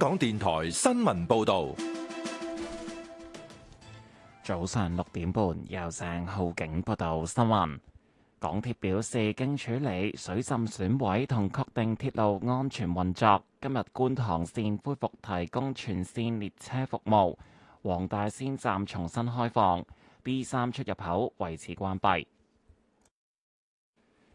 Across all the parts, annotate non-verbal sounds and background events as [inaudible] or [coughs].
港電台新聞報道，早上六點半由鄭浩景報道新聞。港鐵表示，經處理水浸損毀同確定鐵路安全運作，今日觀塘綫恢復提供全綫列車服務。黃大仙站重新開放，B 三出入口維持關閉。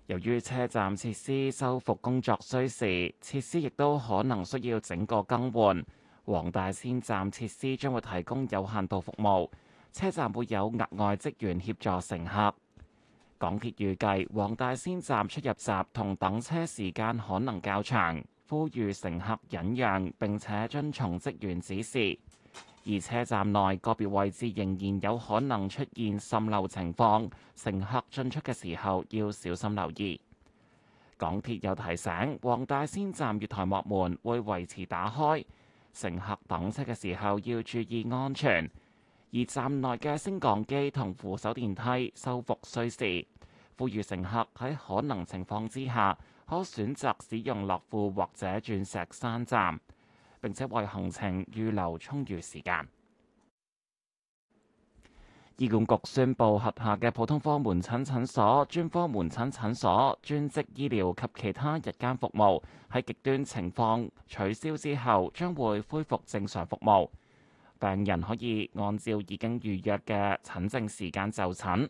由於車站設施修復工作需時，設施亦都可能需要整個更換。黃大仙站設施將會提供有限度服務，車站會有額外職員協助乘客。港鐵預計黃大仙站出入閘同等車時間可能較長，呼籲乘客忍讓並且遵從職員指示。而車站內個別位置仍然有可能出現滲漏情況，乘客進出嘅時候要小心留意。港鐵有提醒，黃大仙站月台幕門會維持打開，乘客等車嘅時候要注意安全。而站內嘅升降機同扶手電梯修復需時，呼籲乘客喺可能情況之下，可選擇使用樂富或者鑽石山站。並且為行程預留充裕時間。醫管局宣布，轄下嘅普通科門診診所、專科門診診所、專職醫療及其他日間服務喺極端情況取消之後，將會恢復正常服務。病人可以按照已經預約嘅診症時間就診。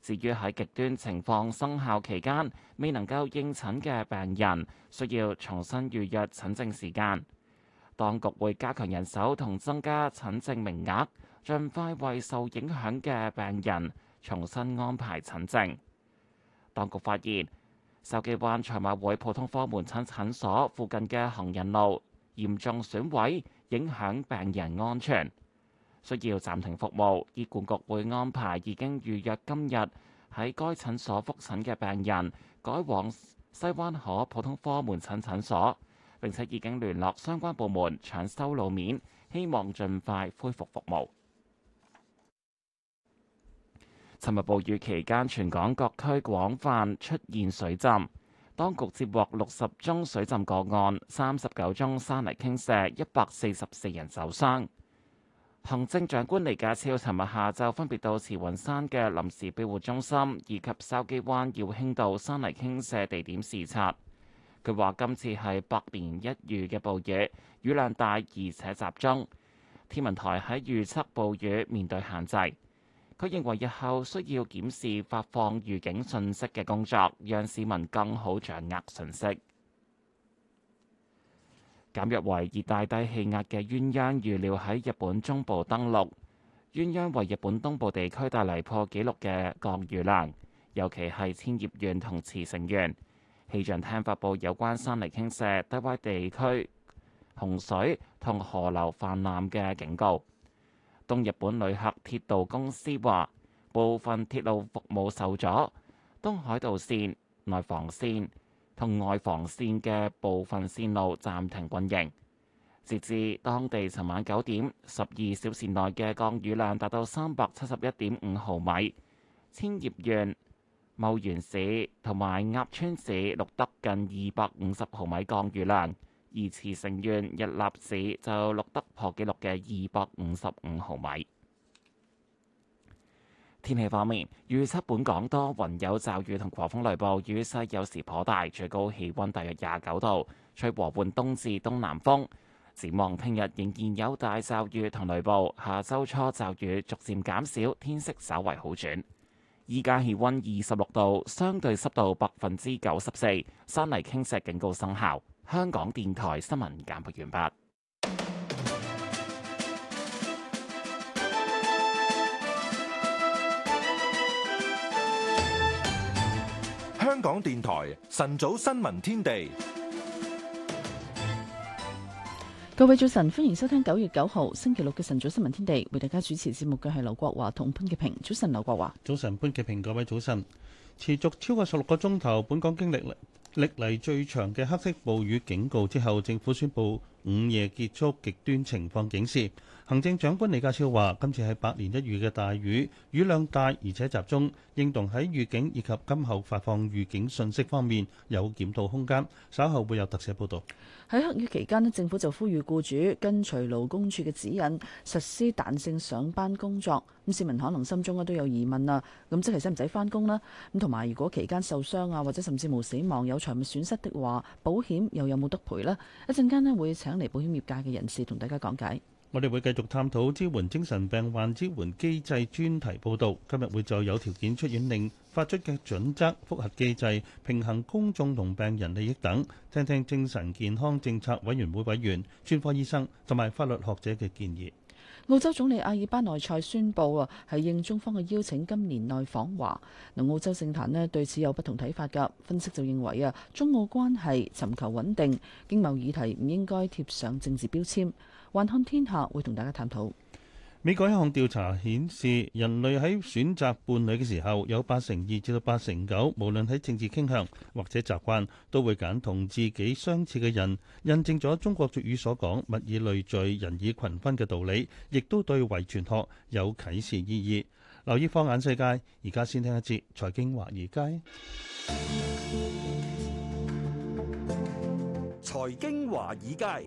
至於喺極端情況生效期間未能夠應診嘅病人，需要重新預約診症時間。當局會加強人手同增加診症名額，盡快為受影響嘅病人重新安排診症。當局發現筲箕灣賽馬會普通科門診診所附近嘅行人路嚴重損毀，影響病人安全，需要暫停服務。醫管局會安排已經預約今日喺該診所覆診嘅病人，改往西灣河普通科門診診所。並且已經聯絡相關部門搶修路面，希望盡快恢復服務。尋日暴雨期間，全港各區廣泛出現水浸，當局接獲六十宗水浸個案，三十九宗山泥傾瀉，一百四十四人受傷。行政長官李家超尋日下晝分別到慈雲山嘅臨時庇護中心以及筲箕灣耀興道山泥傾瀉地點視察。佢話：今次係百年一遇嘅暴雨，雨量大而且集中。天文台喺預測暴雨面對限制，佢認為日後需要檢視發放預警信息嘅工作，讓市民更好掌握信息。減弱為熱帶低氣壓嘅鴛鴦預料喺日本中部登陸，鴛鴦為日本東部地區帶嚟破紀錄嘅降雨量，尤其係千葉縣同茨城縣。氣象廳發布有關山泥傾瀉、低窪地區洪水同河流泛濫嘅警告。東日本旅客鐵道公司話，部分鐵路服務受阻，東海道線、內房線同外房線嘅部分線路暫停運營。截至當地尋晚九點，十二小時內嘅降雨量達到三百七十一點五毫米。千葉縣，茂源市同埋鴨川市錄得近二百五十毫米降雨量，而慈城縣日立市就錄得破紀錄嘅二百五十五毫米。天氣方面，預測本港多雲有驟雨同狂風雷暴，雨勢有時頗大，最高氣溫大約廿九度，吹和緩東至東南風。展望聽日仍然有大驟雨同雷暴，下周初驟雨逐漸減少，天色稍為好轉。依家氣溫二十六度，相對濕度百分之九十四，山泥傾瀉警告生效。香港電台新聞簡報完畢。香港電台晨早新聞天地。各位早晨，歡迎收聽九月九號星期六嘅晨早新聞天地。為大家主持節目嘅係劉國華同潘潔平。早晨，劉國華。早晨，潘潔平。各位早晨。持續超過十六個鐘頭，本港經歷歷嚟最長嘅黑色暴雨警告之後，政府宣佈。午夜結束極端情況警示，行政長官李家超話：今次係百年一遇嘅大雨，雨量大而且集中，認同喺預警以及今後發放預警信息方面有檢討空間。稍後會有特寫報道。喺黑雨期間咧，政府就呼籲僱主跟隨勞工處嘅指引，實施彈性上班工作。咁市民可能心中咧都有疑問啦，咁即係使唔使返工啦？咁同埋如果期間受傷啊，或者甚至無死亡有財務損失的話，保險又有冇得賠呢？一陣間咧會請。嚟保險業界嘅人士同大家講解，我哋會繼續探討支援精神病患支援機制專題報道。今日會就有條件出院令發出嘅準則、復核機制、平衡公眾同病人利益等，聽聽精神健康政策委員會委員、專科醫生同埋法律學者嘅建議。澳洲總理阿爾巴內塞宣布啊，係應中方嘅邀請，今年內訪華。嗱，澳洲政壇呢對此有不同睇法噶。分析就認為啊，中澳關係尋求穩定，經貿議題唔應該貼上政治標籤。環看天下會同大家探討。美國一項調查顯示，人類喺選擇伴侶嘅時候，有八成二至到八成九，無論喺政治傾向或者習慣，都會揀同自己相似嘅人，印證咗中國俗語所講“物以類聚，人以群分”嘅道理，亦都對遺傳學有啟示意義。留意《放眼世界》，而家先聽一節《財經華爾街》。財經華爾街。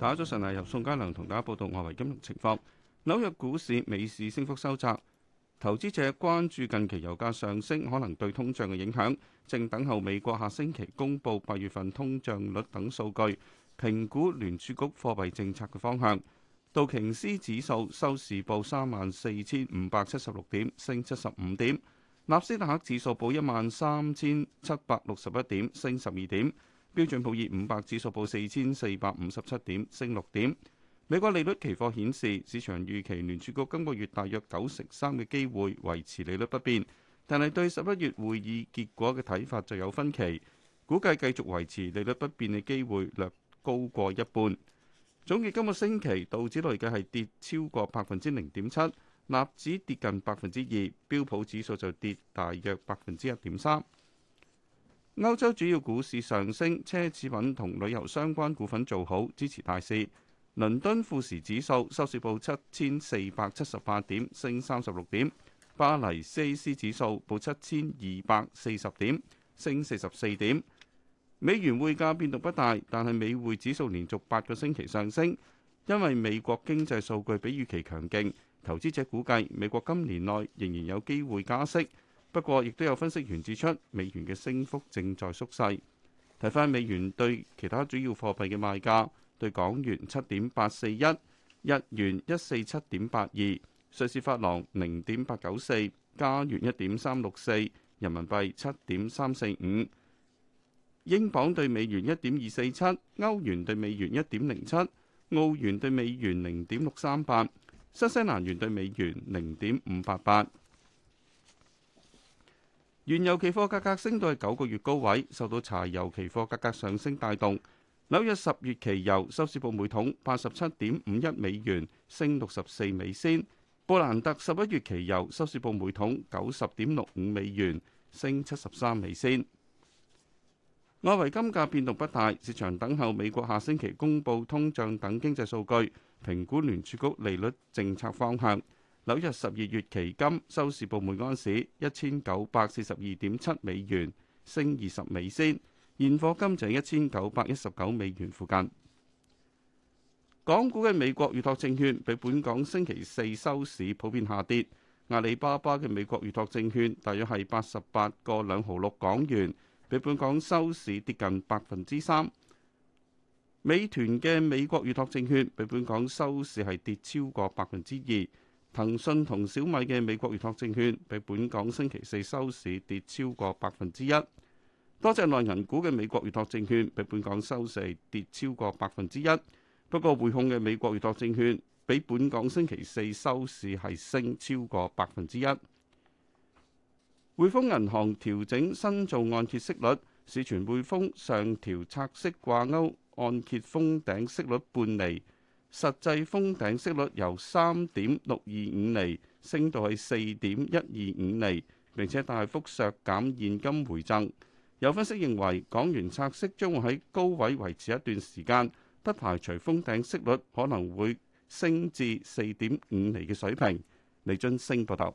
大家早晨，由宋家良同大家報道外圍金融情況。紐約股市尾市升幅收窄，投資者關注近期油價上升可能對通脹嘅影響，正等候美國下星期公佈八月份通脹率等數據，評估聯儲局貨幣政策嘅方向。道瓊斯指數收市報三萬四千五百七十六點升七十五點，納斯達克指數報一萬三千七百六十一點升十二點。標準普爾五百指數報四千四百五十七點，升六點。美國利率期貨顯示，市場預期聯儲局今個月大約九成三嘅機會維持利率不變，但係對十一月會議結果嘅睇法就有分歧。估計繼續維持利率不變嘅機會略高過一半。總結今個星期道指累計係跌超過百分之零點七，納指跌近百分之二，標普指數就跌大約百分之一點三。歐洲主要股市上升，奢侈品同旅遊相關股份做好支持大市。倫敦富時指數收市報七千四百七十八點，升三十六點；巴黎 CAC 指數報七千二百四十點，升四十四點。美元匯價變動不大，但係美匯指數連續八個星期上升，因為美國經濟數據比預期強勁。投資者估計美國今年內仍然有機會加息。不過，亦都有分析員指出，美元嘅升幅正在縮細。睇返美元對其他主要貨幣嘅賣價，對港元七點八四一，日元一四七點八二，瑞士法郎零點八九四，加元一點三六四，人民幣七點三四五，英鎊對美元一點二四七，歐元對美元一點零七，澳元對美元零點六三八，新西蘭元對美元零點五八八。原油期貨價格升到去九個月高位，受到柴油期貨價格上升帶動。紐約十月期油收市報每桶八十七點五一美元，升六十四美仙。布蘭特十一月期油收市報每桶九十點六五美元，升七十三美仙。外圍金價變動不大，市場等候美國下星期公布通脹等經濟數據，評估聯儲局利率政策方向。紐約十二月期金收市報每安士一千九百四十二點七美元，升二十美仙。現貨金就係一千九百一十九美元附近。港股嘅美國預託證券比本港星期四收市普遍下跌。阿里巴巴嘅美國預託證券大約係八十八個兩毫六港元，比本港收市跌近百分之三。美團嘅美國預託證券比本港收市係跌超過百分之二。騰訊同小米嘅美國預託證券，比本港星期四收市跌超過百分之一。多隻內銀股嘅美國預託證券，比本港收市跌超過百分之一。不過匯控嘅美國預託證券，比本港星期四收市係升超過百分之一。匯豐銀行調整新造按揭息率，市傳匯豐上調拆息掛鈎按揭封頂息率半厘。實際封頂息率由三點六二五釐升到係四點一二五釐，並且大幅削減現金回贈。有分析認為，港元拆息將會喺高位維持一段時間，不排除封頂息率可能會升至四點五釐嘅水平。李津升報道。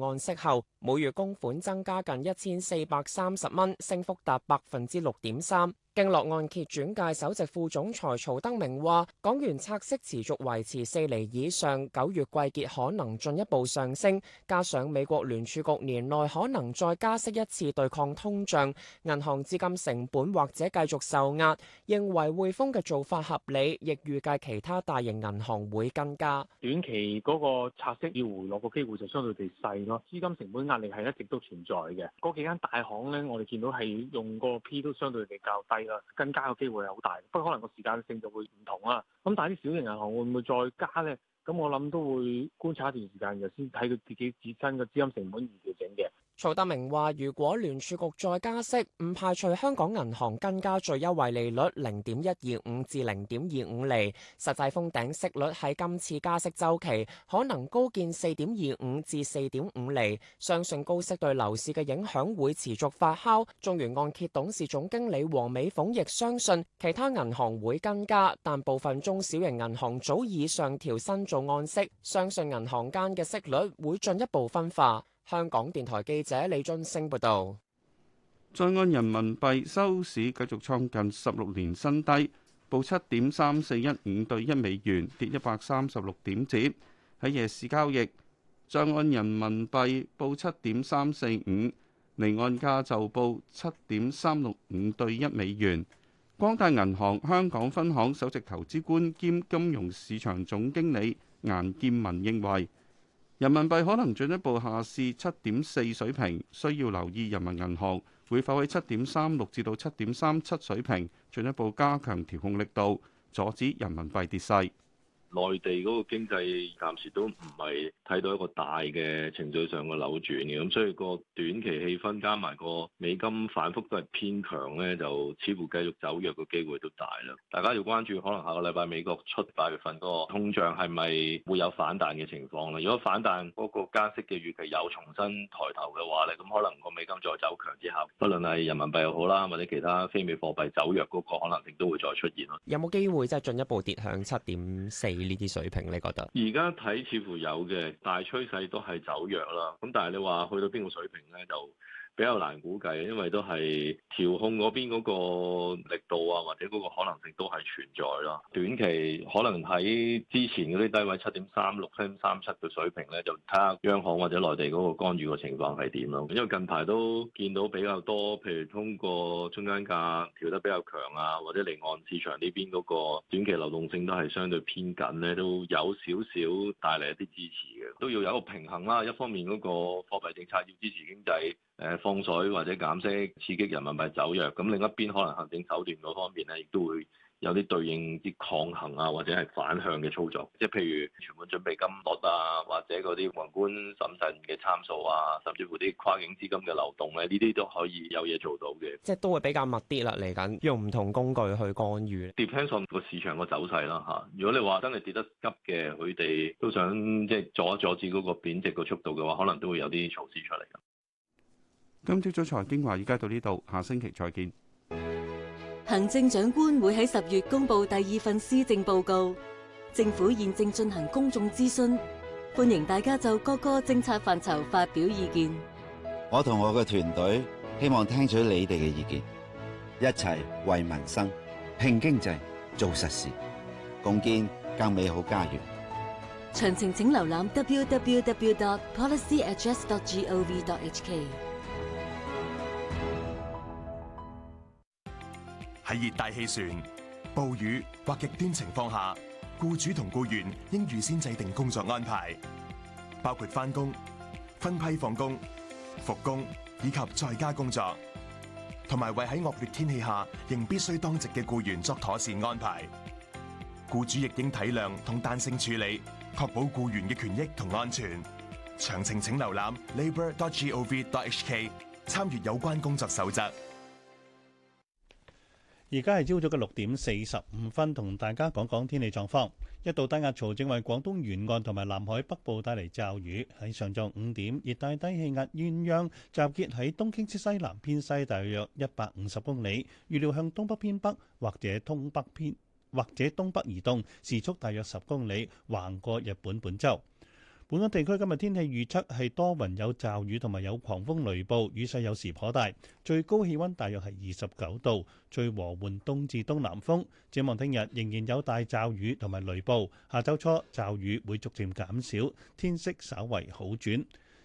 按息後，每月供款增加近一千四百三十蚊，升幅達百分之六點三。經絡按揭轉介首席副總裁曹德明話：港元拆息持續維持四厘以上，九月季結可能進一步上升。加上美國聯儲局年內可能再加息一次對抗通脹，銀行資金成本或者繼續受壓。認為匯豐嘅做法合理，亦預計其他大型銀行會跟加。短期嗰個拆息要回落嘅機會就相對地細咯，資金成本壓力係一直都存在嘅。嗰幾間大行呢，我哋見到係用個 P 都相對比較低。更加嘅機會係好大，不過可能個時間性就會唔同啦。咁但係啲小型銀行會唔會再加咧？咁我諗都會觀察一段時間，然後先睇佢自己自身嘅資金成本而調整嘅。曹德明話：如果聯儲局再加息，唔排除香港銀行更加最優惠利率零點一二五至零點二五厘，實際封頂息率喺今次加息周期可能高見四點二五至四點五厘。相信高息對樓市嘅影響會持續發酵。中原按揭董事總經理黃美鳳亦相信，其他銀行會增加，但部分中小型銀行早已上調新造按息，相信銀行間嘅息率會進一步分化。香港電台記者李俊升報道：在岸人民幣收市繼續創近十六年新低，報七點三四一五兌一美元，跌一百三十六點折。喺夜市交易，在岸人民幣報七點三四五，離岸價就報七點三六五兌一美元。光大銀行香港分行首席投資官兼金融市場總經理顏建文認為，人民幣可能進一步下試七點四水平，需要留意人民銀行會否喺七點三六至到七點三七水平進一步加強調控力度，阻止人民幣跌勢。內地嗰個經濟暫時都唔係睇到一個大嘅程序上嘅扭轉嘅，咁所以個短期氣氛加埋個美金反覆都係偏強咧，就似乎繼續走弱嘅機會都大啦。大家要關注可能下個禮拜美國出八月份嗰個通脹係咪會有反彈嘅情況咧？如果反彈嗰個加息嘅預期又重新抬頭嘅話咧，咁可能個美金再走強之後，不論係人民幣又好啦，或者其他非美貨幣走弱嗰個可能性都會再出現咯。有冇機會即係進一步跌向七點四？呢啲水平，你覺得？而家睇似乎有嘅，大趨勢都係走弱啦。咁但係你話去到邊個水平咧，就？比較難估計，因為都係調控嗰邊嗰個力度啊，或者嗰個可能性都係存在咯。短期可能喺之前嗰啲低位七點三六、七點三七嘅水平咧，就睇下央行或者內地嗰個干預嘅情況係點咯。因為近排都見到比較多，譬如通過中間價調得比較強啊，或者離岸市場呢邊嗰個短期流動性都係相對偏緊咧，都有少少帶嚟一啲支持嘅。都要有一個平衡啦，一方面嗰個貨幣政策要支持經濟。誒放水或者減息，刺激人民幣走弱。咁另一邊可能行政手段嗰方面咧，亦都會有啲對應啲抗衡啊，或者係反向嘅操作。即係譬如存款準備金率啊，或者嗰啲宏觀審慎嘅參數啊，甚至乎啲跨境資金嘅流動咧、啊，呢啲都可以有嘢做到嘅。即係都會比較密啲啦，嚟緊用唔同工具去干預，depend on 個市場個走勢啦嚇。如果你話真係跌得急嘅，佢哋都想即係阻一阻止嗰個貶值個速度嘅話，可能都會有啲措施出嚟。今朝早《財經華爾街》到呢度，下星期再見。行政長官會喺十月公布第二份施政報告，政府現正進行公眾諮詢，歡迎大家就各個政策範疇發表意見。我同我嘅團隊希望聽取你哋嘅意見，一齊為民生拼經濟做實事，共建更美好家園。詳情請瀏覽 www.policyaddress.gov.hk。喺熱帶氣旋、暴雨或極端情況下，僱主同僱員應預先制定工作安排，包括返工、分批放工、復工以及在家工作，同埋為喺惡劣天氣下仍必須當值嘅僱員作妥善安排。僱主亦應體諒同彈性處理，確保僱員嘅權益同安全。詳情請瀏覽 labour.gov.hk 參閱有關工作守則。而家係朝早嘅六點四十五分，同大家講講天氣狀況。一道低壓槽正為廣東沿岸同埋南海北部帶嚟驟雨。喺上晝五點，熱帶低氣壓鴛鴦集結喺東京之西，西南偏西大約一百五十公里，預料向東北偏北或者東北偏或者東北移動，時速大約十公里，橫過日本本州。本港地區今日天，天氣預測係多雲有驟雨同埋有狂風雷暴，雨勢有時頗大，最高氣温大約係二十九度，最和緩東至東南風。展望聽日仍然有大驟雨同埋雷暴，下周初驟雨會逐漸減少，天色稍為好轉。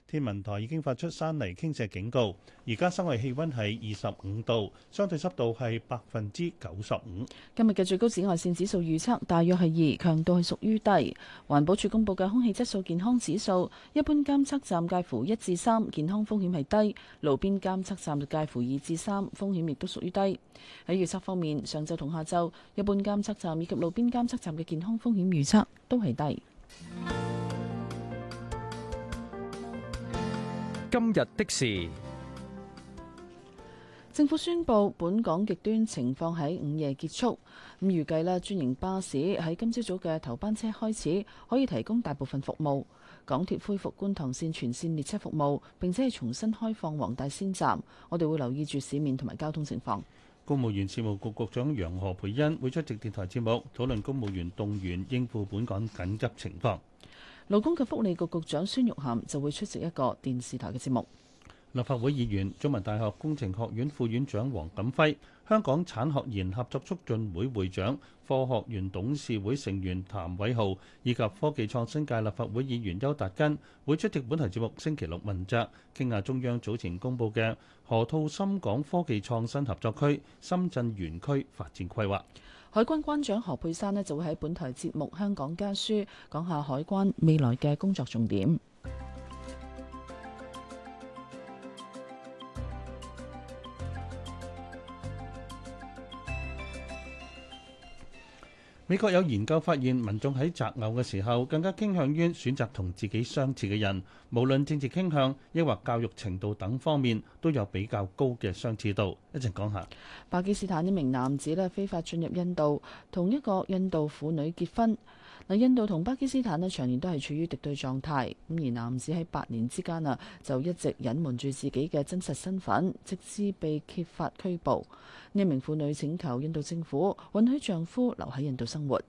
天文台已經發出山泥傾瀉警告，而家室外氣温係二十五度，相對濕度係百分之九十五。今日嘅最高紫外線指數預測大約係二，強度係屬於低。環保署公布嘅空氣質素健康指數，一般監測站介乎一至三，健康風險係低；路邊監測站介乎二至三，風險亦都屬於低。喺預測方面，上晝同下晝，一般監測站以及路邊監測站嘅健康風險預測都係低。今日的事，政府宣布本港極端情況喺午夜結束，咁預計啦，專營巴士喺今朝早嘅頭班車開始，可以提供大部分服務。港鐵恢復觀塘綫全綫列車服務，並且係重新開放黃大仙站。我哋會留意住市面同埋交通情況。公務員事務局局，局長楊何蓓茵會出席電台節目，討論公務員動員應付本港緊急情況。勞工及福利局局長孫玉菡就會出席一個電視台嘅節目。立法會議員、中文大學工程學院副院長黃錦輝、香港產學研合作促進會會長、科學園董事會成員譚偉豪以及科技創新界立法會議員邱達根會出席本台節目，星期六問責，傾下中央早前公布嘅河套深港科技創新合作區深圳園區發展規劃。海關關長何佩珊呢就會喺本台節目《香港家書》講下海關未來嘅工作重點。美國有研究發現，民眾喺擇偶嘅時候，更加傾向於選擇同自己相似嘅人，無論政治傾向，抑或教育程度等方面，都有比較高嘅相似度。一陣講一下，巴基斯坦一名男子咧非法進入印度，同一個印度婦女結婚。印度同巴基斯坦咧，長年都係處於敵對狀態。咁而男子喺八年之間啊，就一直隱瞞住自己嘅真實身份，直至被揭發拘捕。呢名婦女請求印度政府允許丈夫留喺印度生活。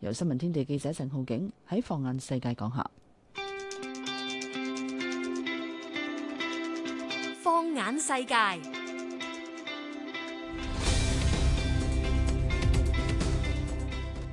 由新聞天地記者陳浩景喺《放眼世界》講下《放眼世界》。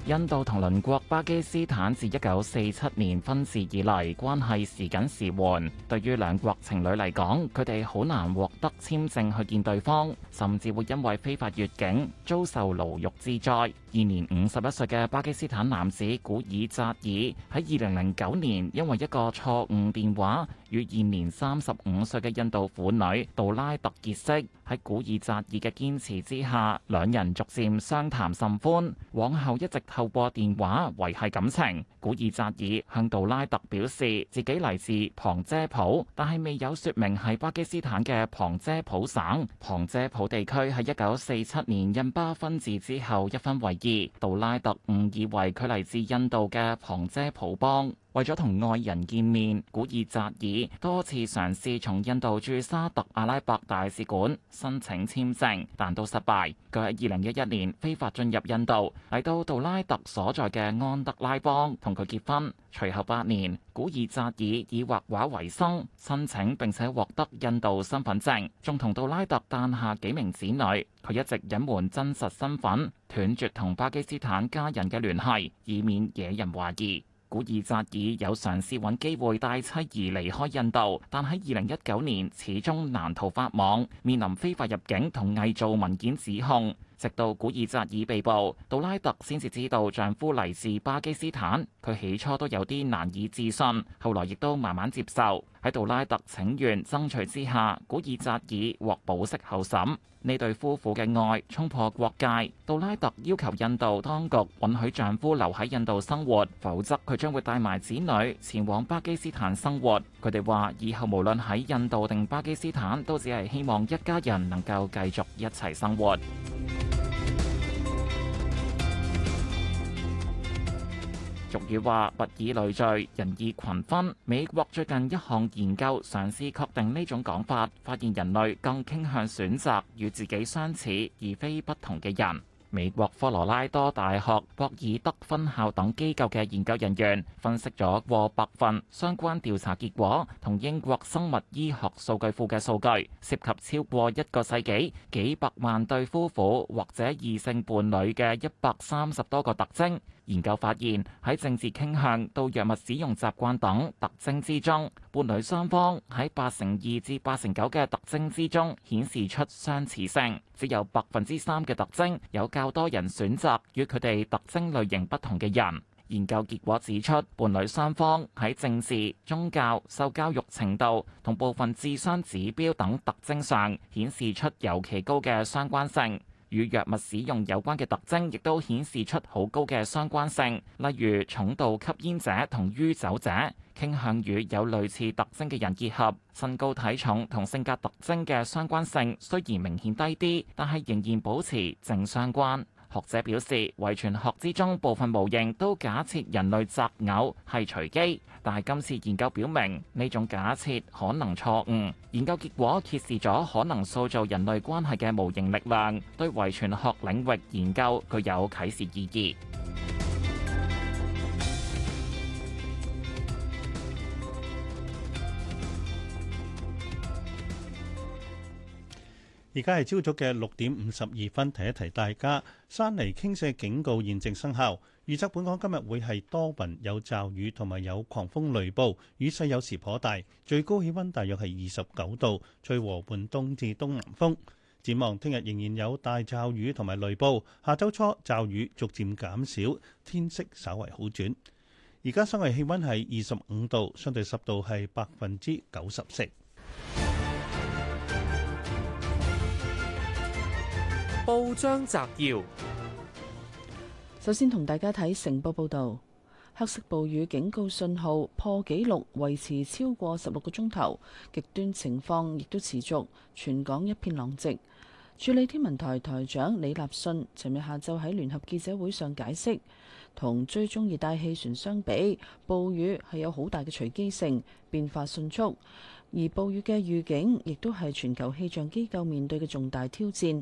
印度同鄰國巴基斯坦自一九四七年分治以嚟，關係時緊時緩，對於兩國情侶嚟講，佢哋好難獲得簽證去見對方，甚至會因為非法越境遭受牢獄之災。現年五十一歲嘅巴基斯坦男子古爾扎爾喺二零零九年因為一個錯誤電話與現年三十五歲嘅印度婦女杜拉特結識。喺古爾扎爾嘅堅持之下，兩人逐漸相談甚歡，往後一直。透過電話維繫感情，古爾扎爾向杜拉特表示自己嚟自旁遮普，但係未有說明係巴基斯坦嘅旁遮普省。旁遮普地區喺一九四七年印巴分治之後一分為二，杜拉特誤以為佢嚟自印度嘅旁遮普邦。為咗同愛人見面，古爾扎爾多次嘗試從印度駐沙特阿拉伯大使館申請簽證，但都失敗。佢喺二零一一年非法進入印度，嚟到杜拉特所在嘅安德拉邦同佢結婚。隨後八年，古爾扎爾以畫畫為生，申請並且獲得印度身份證，仲同杜拉特誕下幾名子女。佢一直隱瞞真實身份，斷絕同巴基斯坦家人嘅聯繫，以免惹人懷疑。古爾扎爾有嘗試揾機會帶妻兒離開印度，但喺二零一九年始終難逃法網，面臨非法入境同偽造文件指控。直到古爾扎爾被捕，杜拉特先至知道丈夫嚟自巴基斯坦。佢起初都有啲難以置信，後來亦都慢慢接受。喺杜拉特請願爭取之下，古爾扎爾獲保釋候審。呢對夫婦嘅愛衝破國界。杜拉特要求印度當局允許丈夫留喺印度生活，否則佢將會帶埋子女前往巴基斯坦生活。佢哋話，以後無論喺印度定巴基斯坦，都只係希望一家人能夠繼續一齊生活。俗語話物以類聚，人以群分。美國最近一項研究嘗試確定呢種講法，發現人類更傾向選擇與自己相似而非不同嘅人。美國科羅拉多大學博爾德分校等機構嘅研究人員分析咗過百份相關調查結果，同英國生物醫學數據庫嘅數據，涉及超過一個世紀幾百萬對夫婦或者異性伴侶嘅一百三十多個特徵。研究發現，喺政治傾向到藥物使用習慣等特徵之中，伴侶雙方喺八成二至八成九嘅特徵之中顯示出相似性，只有百分之三嘅特徵有較多人選擇與佢哋特徵類型不同嘅人。研究結果指出，伴侶雙方喺政治、宗教、受教育程度同部分智商指標等特徵上顯示出尤其高嘅相關性。與藥物使用有關嘅特徵，亦都顯示出好高嘅相關性，例如重度吸煙者同酗酒者傾向於有類似特徵嘅人結合。身高體重同性格特徵嘅相關性雖然明顯低啲，但係仍然保持正相關。學者表示，遺傳學之中部分模型都假設人類擇偶係隨機，但係今次研究表明呢種假設可能錯誤。研究結果揭示咗可能塑造人類關係嘅模型力量，對遺傳學領域研究具有啟示意義。而家係朝早嘅六點五十二分，提一提大家，山泥傾瀉警告現正生效。預測本港今日會係多雲有驟雨同埋有狂風雷暴，雨勢有時頗大，最高氣温大約係二十九度，吹和緩東至東南風。展望聽日仍然有大驟雨同埋雷暴，下周初驟雨逐漸減,減,減少，天色稍為好轉。而家室外氣溫係二十五度，相對濕度係百分之九十四。報章摘要：首先同大家睇成報報道，黑色暴雨警告信號破紀錄維持超過十六個鐘頭，極端情況亦都持續，全港一片狼藉。助理天文台台長李立信尋日下晝喺聯合記者會上解釋，同追蹤熱帶氣旋相比，暴雨係有好大嘅隨機性，變化迅速，而暴雨嘅預警亦都係全球氣象機構面對嘅重大挑戰。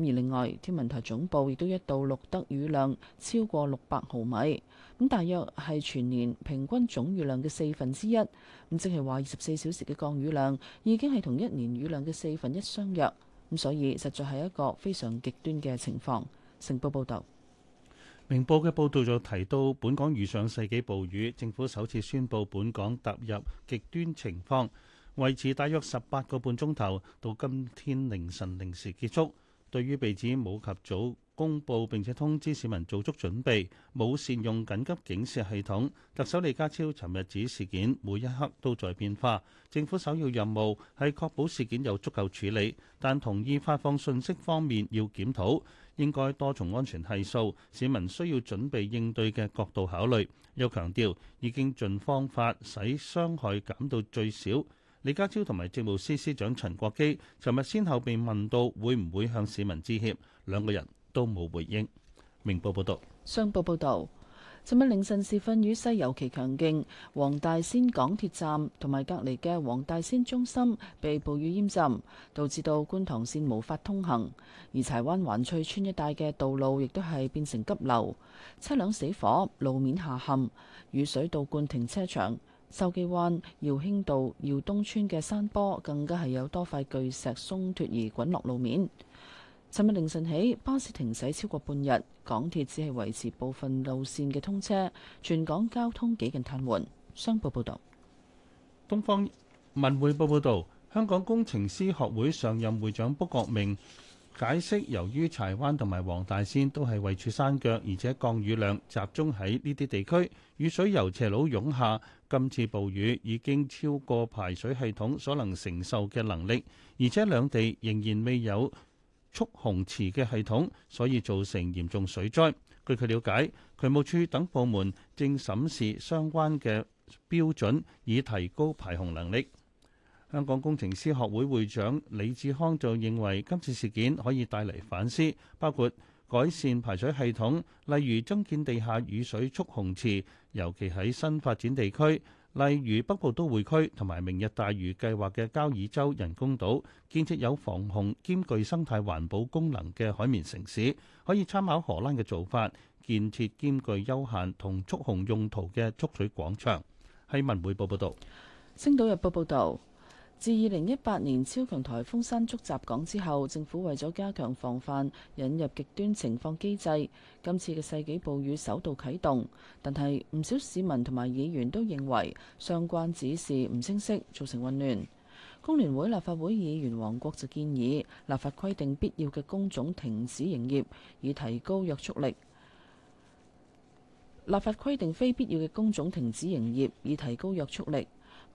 而另外，天文台總部亦都一度錄得雨量超過六百毫米，咁大約係全年平均總雨量嘅四分之一。咁即係話二十四小時嘅降雨量已經係同一年雨量嘅四分一相若，咁所以實在係一個非常極端嘅情況。成報報道，明報嘅報道就提到，本港遇上世紀暴雨，政府首次宣布本港踏入極端情況，維持大約十八個半鐘頭，到今天凌晨零時結束。對於被指冇及早公佈並且通知市民做足準備，冇善用緊急警示系統，特首李家超尋日指事件每一刻都在變化，政府首要任務係確保事件有足夠處理，但同意發放信息方面要檢討，應該多從安全係數、市民需要準備應對嘅角度考慮，又強調已經盡方法使傷害減到最少。李家超同埋政務司司長陳國基尋日先後被問到會唔會向市民致歉，兩個人都冇回應。明報報道，商報報道，尋日凌晨時分，雨勢尤其強勁，黃大仙港鐵站同埋隔籬嘅黃大仙中心被暴雨淹浸，導致到觀塘綫無法通行，而柴灣環翠邨一帶嘅道路亦都係變成急流，車輛死火，路面下陷，雨水倒灌停車場。筲箕灣、耀興道、耀東村嘅山坡更加係有多塊巨石鬆脱而滾落路面。尋日凌晨起，巴士停駛超過半日，港鐵只係維持部分路線嘅通車，全港交通幾近癱瘓。商報報道：東方文匯報報道，香港工程師學會上任會長卜國明，解釋，由於柴灣同埋黃大仙都係位處山腳，而且降雨量集中喺呢啲地區，雨水由斜路湧下，今次暴雨已經超過排水系統所能承受嘅能力，而且兩地仍然未有蓄洪池嘅系統，所以造成嚴重水災。據佢了解，渠務處等部門正審視相關嘅標準，以提高排洪能力。香港工程師學會會長李志康就認為今次事件可以帶嚟反思，包括改善排水系統，例如增建地下雨水蓄洪池，尤其喺新發展地區，例如北部都會區同埋明日大嶼計劃嘅交椅洲人工島建設有防洪兼具生態環保功能嘅海綿城市，可以參考荷蘭嘅做法，建設兼具休閒同蓄洪用途嘅蓄水廣場，喺文匯報報道、星島日報報道。自二零一八年超強台風山竹襲港之後，政府為咗加強防範引入極端情況機制。今次嘅世紀暴雨首度啟動，但係唔少市民同埋議員都認為相關指示唔清晰，造成混亂，工聯會立法會議員王國就建議立法規定必要嘅工種停止營業，以提高約束力。立法規定非必要嘅工種停止營業，以提高約束力。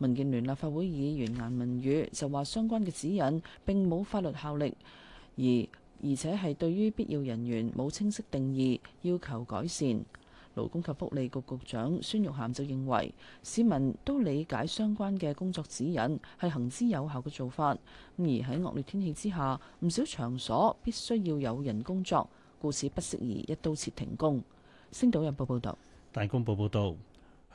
民建聯立法會議員顏文宇就話：相關嘅指引並冇法律效力，而而且係對於必要人員冇清晰定義，要求改善。勞工及福利局局局長孫玉菡就認為，市民都理解相關嘅工作指引係行之有效嘅做法。而喺惡劣天氣之下，唔少場所必須要有人工作，故此不適宜一刀切停工。星島日報報道、大公報報道。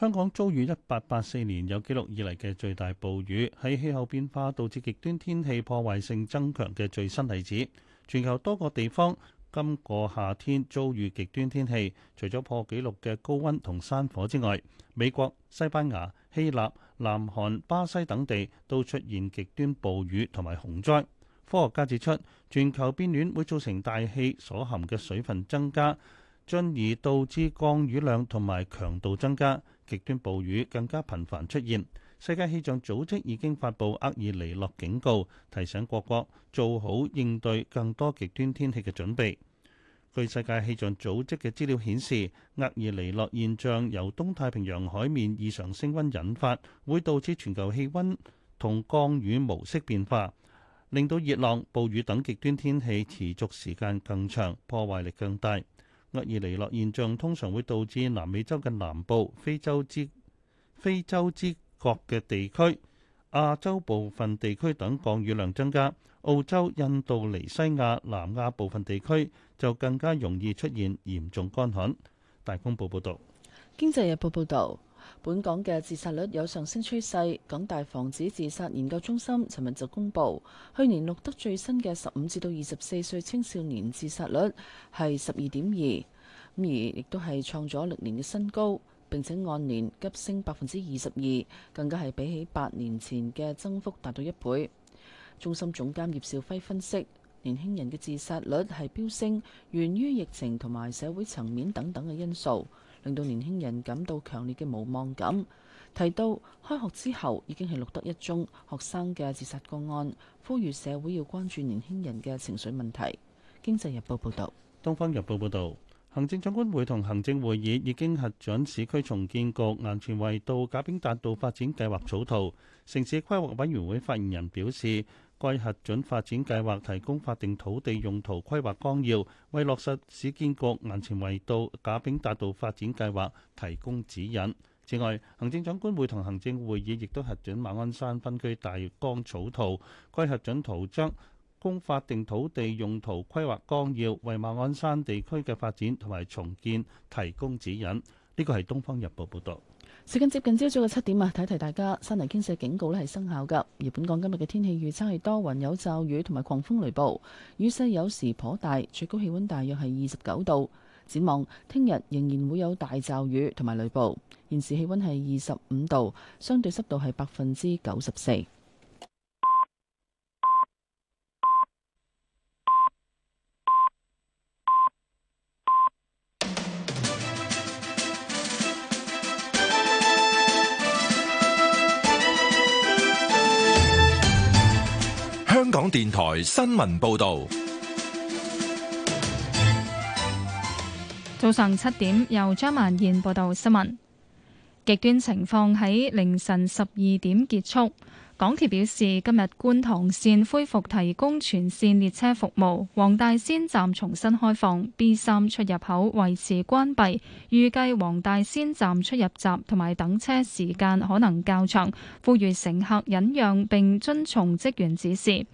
香港遭遇一八八四年有記錄以嚟嘅最大暴雨，喺氣候變化導致極端天氣破壞性增強嘅最新例子。全球多個地方今個夏天遭遇極端天氣，除咗破紀錄嘅高溫同山火之外，美國、西班牙、希臘、南韓、巴西等地都出現極端暴雨同埋洪災。科學家指出，全球變暖會造成大氣所含嘅水分增加，進而導致降雨量同埋強度增加。極端暴雨更加頻繁出現，世界氣象組織已經發布厄爾尼諾警告，提醒各國做好應對更多極端天氣嘅準備。據世界氣象組織嘅資料顯示，厄爾尼諾現象由東太平洋海面異常升溫引發，會導致全球氣溫同降雨模式變化，令到熱浪、暴雨等極端天氣持續時間更長，破壞力更大。厄爾尼諾現象通常會導致南美洲嘅南部、非洲之非洲之角嘅地區、亞洲部分地區等降雨量增加，澳洲、印度尼西亞、南亞部分地區就更加容易出現嚴重乾旱。大公報報導。《經濟日報》報導。本港嘅自殺率有上升趨勢，港大防止自殺研究中心尋日就公佈，去年錄得最新嘅十五至到二十四歲青少年自殺率係十二點二，咁而亦都係創咗歷年嘅新高，並且按年急升百分之二十二，更加係比起八年前嘅增幅達到一倍。中心總監葉兆輝分析，年輕人嘅自殺率係飆升，源於疫情同埋社會層面等等嘅因素。令到年輕人感到強烈嘅無望感。提到開學之後已經係錄得一宗學生嘅自殺個案，呼籲社會要關注年輕人嘅情緒問題。經濟日報報導，東方日報報導，行政長官會同行政會議已經核准市區重建局衙前圍道賈炳達道發展計劃草圖。城市規劃委員會發言人表示。該核准發展計劃提供法定土地用途規劃綱要，為落實市建局衙前圍道、賈炳達道發展計劃提供指引。此外，行政長官會同行政會議亦都核准馬鞍山分區大綱草圖，該核准圖則供法定土地用途規劃綱要為馬鞍山地區嘅發展同埋重建提供指引。呢個係《東方日報》報道。接近時間接近朝早嘅七點啊，提提大家，山泥傾瀉警告呢係生效噶。而本港今日嘅天氣預測係多雲有驟雨同埋狂風雷暴，雨勢有時頗大，最高氣温大約係二十九度。展望聽日仍然會有大驟雨同埋雷暴，現時氣温係二十五度，相對濕度係百分之九十四。香港電台新聞報道，早上七點由張曼燕報道新聞。極端情況喺凌晨十二點結束。港鐵表示，今日觀塘線恢復提供全線列車服務，黃大仙站重新開放，B 三出入口維持關閉，預計黃大仙站出入閘同埋等車時間可能較長，呼籲乘客忍讓並遵從職員指示。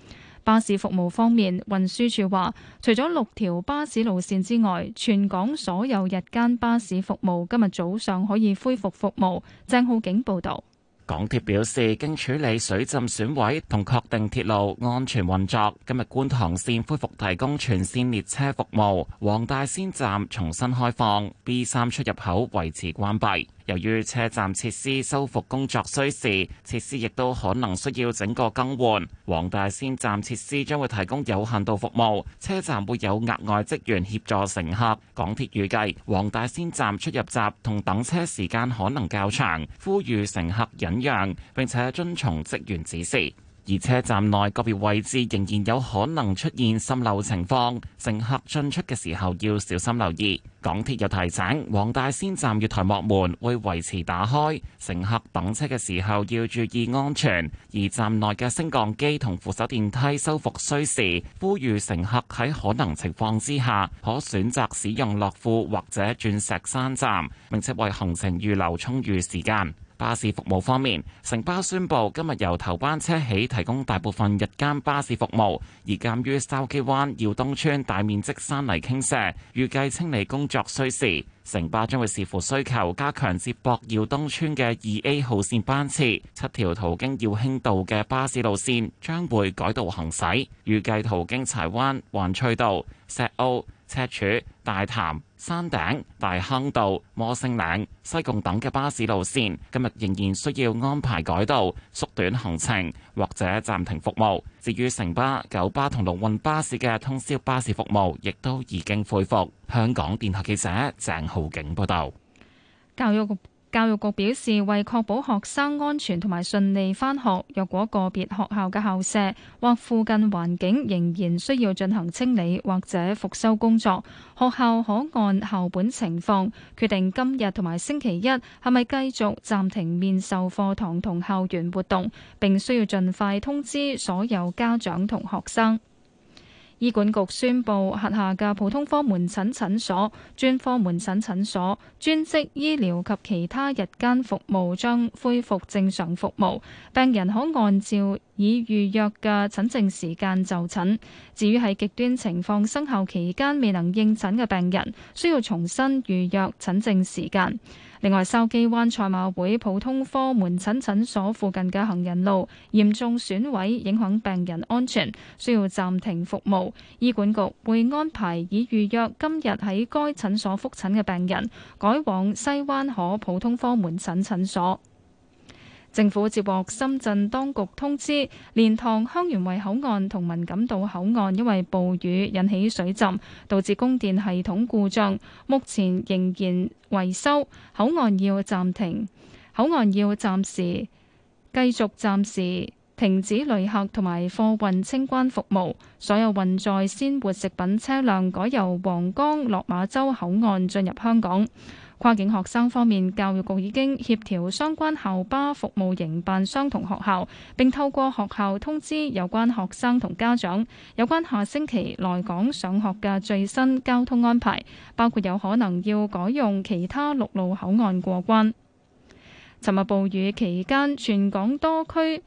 巴士服務方面，運輸署話，除咗六條巴士路線之外，全港所有日間巴士服務今日早上可以恢復服務。鄭浩景報導。港鐵表示，經處理水浸損毀同確定鐵路安全運作，今日觀塘綫恢復提供全綫列車服務，黃大仙站重新開放，B 三出入口維持關閉。由於車站設施修復工作需時，設施亦都可能需要整個更換。黃大仙站設施將會提供有限度服務，車站會有額外職員協助乘客。港鐵預計，黃大仙站出入閘同等車時間可能較長，呼籲乘客忍讓，並且遵從職員指示。而車站內個別位置仍然有可能出現滲漏情況，乘客進出嘅時候要小心留意。港鐵有提醒，黃大仙站月台幕門會維持打開，乘客等車嘅時候要注意安全。而站內嘅升降機同扶手電梯修復需時，呼籲乘客喺可能情況之下，可選擇使用樂富或者鑽石山站，並且為行程預留充裕時間。巴士服務方面，城巴宣布今日由頭班車起提供大部分日間巴士服務，而鑑於筲箕灣耀東村大面積山泥傾瀉，預計清理工作需時，城巴將會視乎需求加強接駁耀東村嘅 2A 號線班次，七條途經耀興道嘅巴士路線將會改道行駛，預計途經柴灣環翠道、石澳、赤柱、大潭。山頂、大坑道、摩星嶺、西貢等嘅巴士路線，今日仍然需要安排改道、縮短行程或者暫停服務。至於城巴、九巴同龍運巴士嘅通宵巴士服務，亦都已經恢復。香港電台記者鄭浩景報道。教育。教育局表示，為確保學生安全同埋順利返學，若果個別學校嘅校舍或附近環境仍然需要進行清理或者復修工作，學校可按校本情況決定今日同埋星期一係咪繼續暫停面授課堂同校園活動，並需要盡快通知所有家長同學生。醫管局宣布，轄下嘅普通科門診診所、專科門診診所、專職醫療及其他日間服務將恢復正常服務，病人可按照已預約嘅診症時間就診。至於係極端情況生效期間未能應診嘅病人，需要重新預約診症時間。另外，筲箕灣賽馬會普通科門診診所附近嘅行人路嚴重損毀，影響病人安全，需要暫停服務。醫管局會安排已預約今日喺該診所覆診嘅病人，改往西灣河普通科門診診所。政府接獲深圳當局通知，蓮塘香園圍口岸同文錦渡口岸因為暴雨引起水浸，導致供電系統故障，目前仍然維修，口岸要暫停，口岸要暫時繼續暫時停止旅客同埋貨運清關服務，所有運載鮮活食品車輛改由皇崗落馬洲口岸進入香港。跨境學生方面，教育局已經協調相關校巴服務營辦商同學校，並透過學校通知有關學生同家長有關下星期來港上學嘅最新交通安排，包括有可能要改用其他陸路口岸過關。尋日暴雨期間，全港多區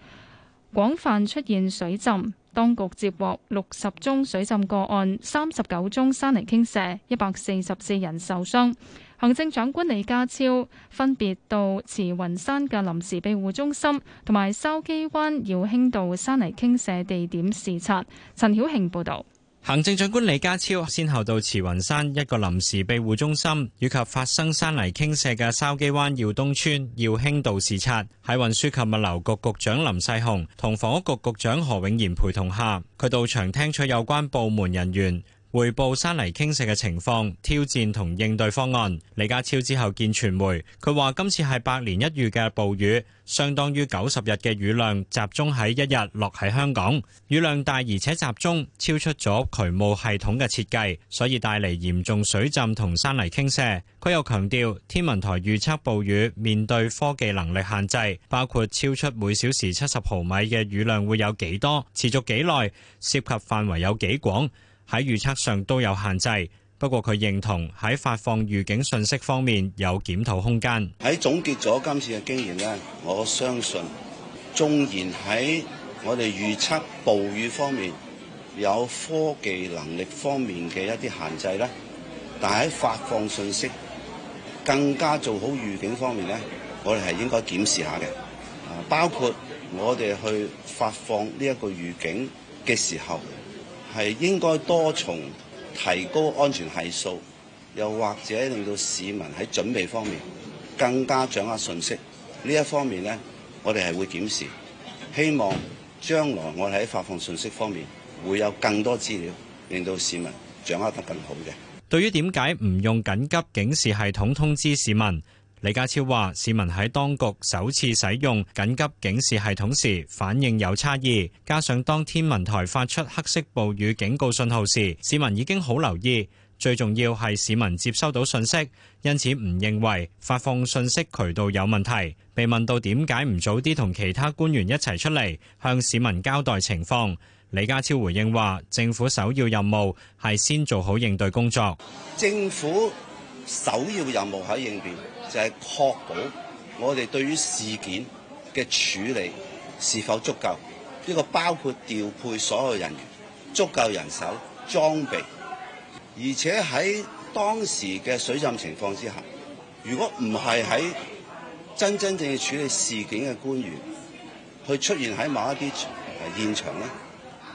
廣泛出現水浸，當局接獲六十宗水浸個案，三十九宗山泥傾瀉，一百四十四人受傷。行政長官李家超分別到慈雲山嘅臨時庇護中心，同埋筲箕灣耀興道山泥傾瀉地點視察。陳曉慶報道。行政長官李家超先後到慈雲山一個臨時庇護中心，以及發生山泥傾瀉嘅筲箕灣耀東村耀興道視察。喺運輸及物流局局長林世雄同房屋局局長何永賢陪同下，佢到場聽取有關部門人員。匯報山泥傾瀉嘅情況、挑戰同應對方案。李家超之後見傳媒，佢話今次係百年一遇嘅暴雨，相當於九十日嘅雨量集中喺一日落喺香港。雨量大而且集中，超出咗渠務系統嘅設計，所以帶嚟嚴重水浸同山泥傾瀉。佢又強調，天文台預測暴雨面對科技能力限制，包括超出每小時七十毫米嘅雨量會有幾多，持續幾耐，涉及範圍有幾廣。喺預測上都有限制，不過佢認同喺發放預警信息方面有檢討空間。喺總結咗今次嘅經驗咧，我相信縱然喺我哋預測暴雨方面有科技能力方面嘅一啲限制咧，但係喺發放信息更加做好預警方面咧，我哋係應該檢視下嘅。啊，包括我哋去發放呢一個預警嘅時候，係應該多重提高安全係數，又或者令到市民喺準備方面更加掌握信息，呢一方面咧，我哋係會檢視，希望將來我哋喺發放信息方面會有更多資料，令到市民掌握得更好嘅。對於點解唔用緊急警示系統通知市民？李家超話：市民喺當局首次使用緊急警示系統時，反應有差異。加上當天文台發出黑色暴雨警告信號時，市民已經好留意。最重要係市民接收到信息，因此唔認為發放信息渠道有問題。被問到點解唔早啲同其他官員一齊出嚟向市民交代情況，李家超回應話：政府首要任務係先做好應對工作。政府首要任務喺應變。就係確保我哋對於事件嘅處理是否足夠？呢個包括調配所有人員足夠人手、裝備，而且喺當時嘅水浸情況之下，如果唔係喺真真正正處理事件嘅官員去出現喺某一啲現場咧，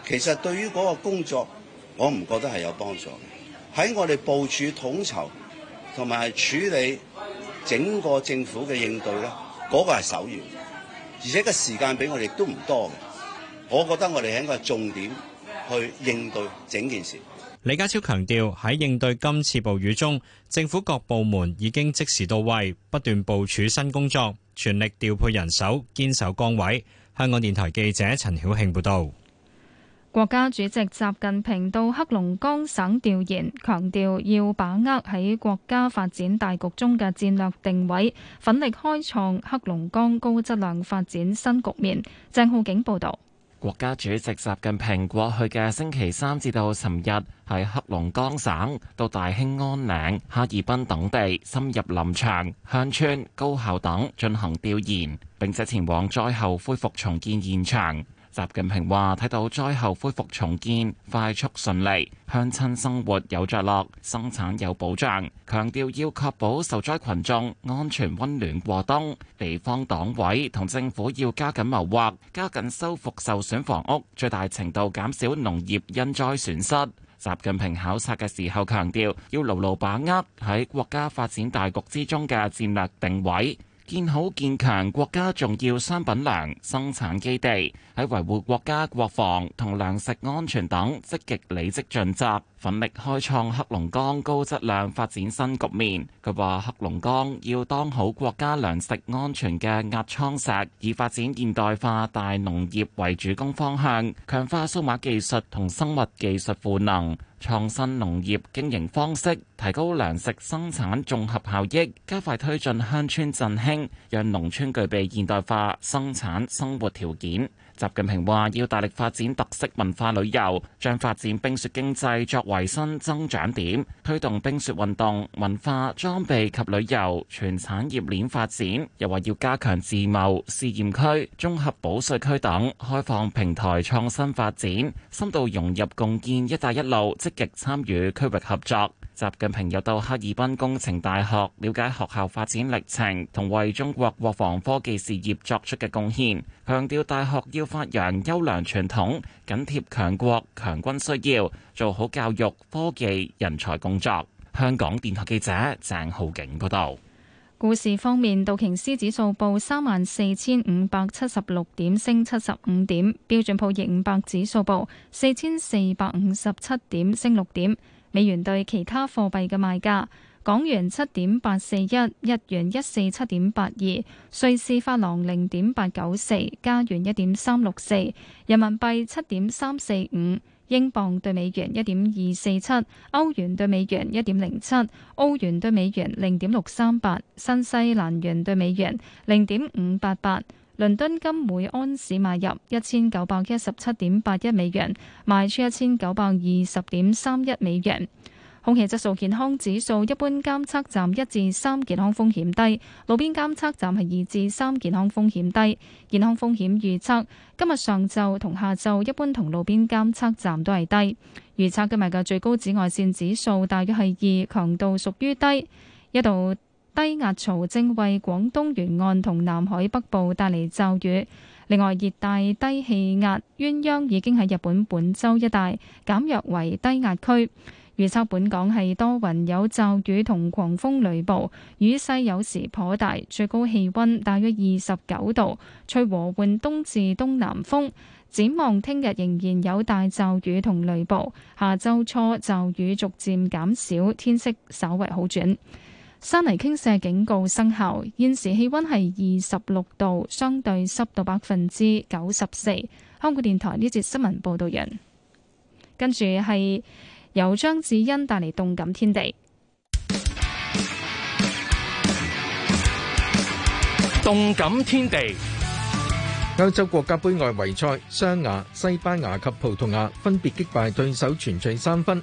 其實對於嗰個工作，我唔覺得係有幫助嘅。喺我哋部署統籌同埋處理。整個政府嘅應對呢嗰、嗰個係首要，而且個時間俾我哋都唔多嘅。我覺得我哋係一個重點去應對整件事。李家超強調喺應對今次暴雨中，政府各部門已經即時到位，不斷部署新工作，全力調配人手，堅守崗位。香港電台記者陳曉慶報導。國家主席習近平到黑龍江省調研，強調要把握喺國家發展大局中嘅戰略定位，奮力開創黑龍江高質量發展新局面。鄭浩景報道：國家主席習近平過去嘅星期三至到尋日喺黑龍江省到大興安嶺、哈爾濱等地深入林場、鄉村、高校等進行調研，並且前往災後恢復重建現場。習近平話：睇到災後恢復重建快速順利，鄉親生活有着落，生產有保障，強調要確保受災群眾安全溫暖過冬。地方黨委同政府要加緊謀劃，加緊修復受損房屋，最大程度減少農業因災損失。習近平考察嘅時候強調，要牢牢把握喺國家發展大局之中嘅戰略定位。建好建強國家重要商品糧生產基地，喺維護國家國防同糧食安全等積極履職盡責。奮力開創黑龍江高質量發展新局面。佢話黑龍江要當好國家糧食安全嘅壓艙石，以發展現代化大農業為主攻方向，強化數碼技術同生物技術賦能，創新農業經營方式，提高糧食生產綜合效益，加快推進鄉村振興，讓農村具備現代化生產生活條件。習近平話要大力發展特色文化旅遊，將發展冰雪經濟作為新增長點，推動冰雪運動、文化、裝備及旅遊全產業鏈發展。又話要加強自貿試驗區、綜合保稅區等開放平台創新發展，深度融入共建“一帶一路”，積極參與區域合作。習近平又到哈爾濱工程大學了解學校發展歷程同為中國國防科技事業作出嘅貢獻，強調大學要發揚優良傳統，緊貼強國強軍需要，做好教育科技人才工作。香港電台記者鄭浩景報道。股市方面，道瓊斯指數報三萬四千五百七十六點，升七十五點；標準普爾五百指數報四千四百五十七點，升六點。美元對其他貨幣嘅賣價：港元七點八四一，日元一四七點八二，瑞士法郎零點八九四，加元一點三六四，人民幣七點三四五，英鎊對美元一點二四七，歐元對美元一點零七，澳元對美元零點六三八，新西蘭元對美元零點五八八。倫敦金每安士買入一千九百一十七點八一美元，賣出一千九百二十點三一美元。空氣質素健康指數一般監測站，一至三健康風險低，路邊監測站係二至三健康風險低。健康風險預測今日上晝同下晝一般同路邊監測站都係低。預測今日嘅最高紫外線指數大約係二，強度屬於低，一度。低壓槽正為廣東沿岸同南海北部帶嚟驟雨。另外，熱帶低氣壓鴛鴦已經喺日本本州一帶減弱為低壓區。預測本港係多雲有驟雨同狂風雷暴，雨勢有時頗大，最高氣溫大約二十九度，吹和緩東至東南風。展望聽日仍然有大驟雨同雷暴，下周初驟雨逐漸減少，天色稍為好轉。山泥傾瀉警告生效，現時氣温係二十六度，相對濕度百分之九十四。香港電台呢節新聞報道人，跟住係由張子欣帶嚟動感天地。動感天地。歐洲國家杯外圍賽，雙牙、西班牙及葡萄牙分別擊敗對手，全取三分。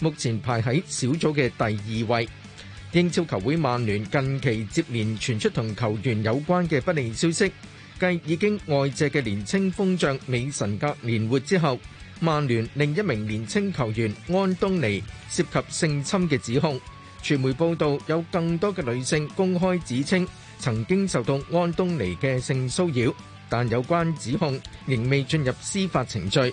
目前排在小組的第二位英超球會曼聯近期接連傳出和球員有關的不利消息繼已經外借的年輕鋒將美臣格連活之後曼聯另一名年輕球員安東尼涉及性侵的指控傳媒報道有更多的女性公開指稱曾經受到安東尼的性騷擾但有關指控仍未進入司法程序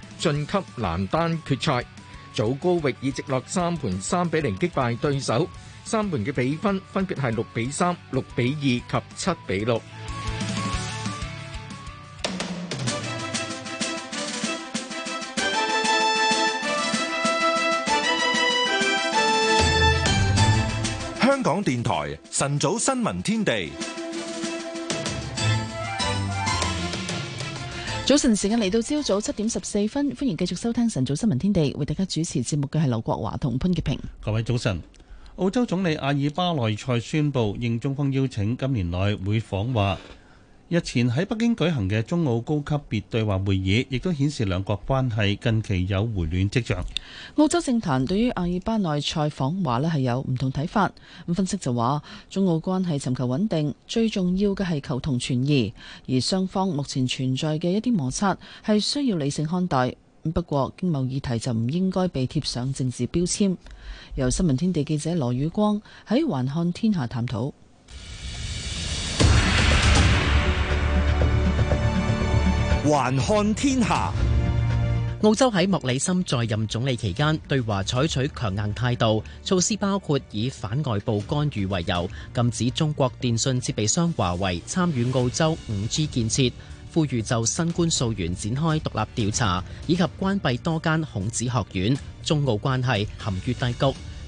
晉級男單決賽，祖高域以直落三盤三比零擊敗對手，三盤嘅比分分別係六比三、六比二及七比六。香港電台晨早新聞天地。早晨時間嚟到朝早七點十四分，歡迎繼續收聽晨早新聞天地，為大家主持節目嘅係劉國華同潘潔平。各位早晨，澳洲總理阿爾巴內塞宣布，應中方邀請，今年內會訪華。日前喺北京舉行嘅中澳高級別對話會議，亦都顯示兩國關係近期有回暖跡象。澳洲政壇對於阿爾巴內塞訪華呢，係有唔同睇法。咁分析就話，中澳關係尋求穩定，最重要嘅係求同存異，而雙方目前存在嘅一啲摩擦係需要理性看待。不過，經貿議題就唔應該被貼上政治標籤。由新聞天地記者羅宇光喺環看天下探討。環看天下，澳洲喺莫里森在任總理期間，對華採取強硬態度，措施包括以反外部干預為由，禁止中國電信設備商華為參與澳洲五 G 建設，呼籲就新冠溯源展開獨立調查，以及關閉多間孔子學院。中澳關係陷於低谷。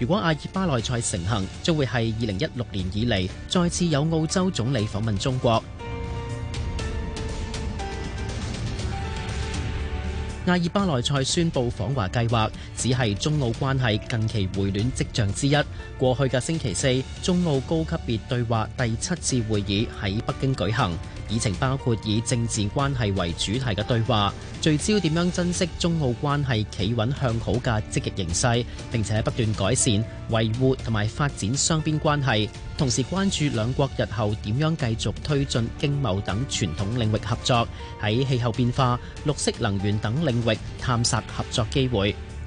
如果阿爾巴內塞成行，將會係二零一六年以嚟再次有澳洲總理訪問中國。阿爾巴內塞宣布訪華計劃，只係中澳關係近期回暖跡象之一。過去嘅星期四，中澳高級別對話第七次會議喺北京舉行。議程包括以政治關係為主題嘅對話，聚焦點樣珍惜中澳關係企穩向好嘅積極形勢，並且不斷改善、維護同埋發展雙邊關係，同時關注兩國日後點樣繼續推進經貿等傳統領域合作，喺氣候變化、綠色能源等領域探索合作機會。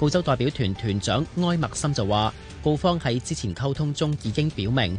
澳洲代表團團長埃默森就話，澳方喺之前溝通中已經表明。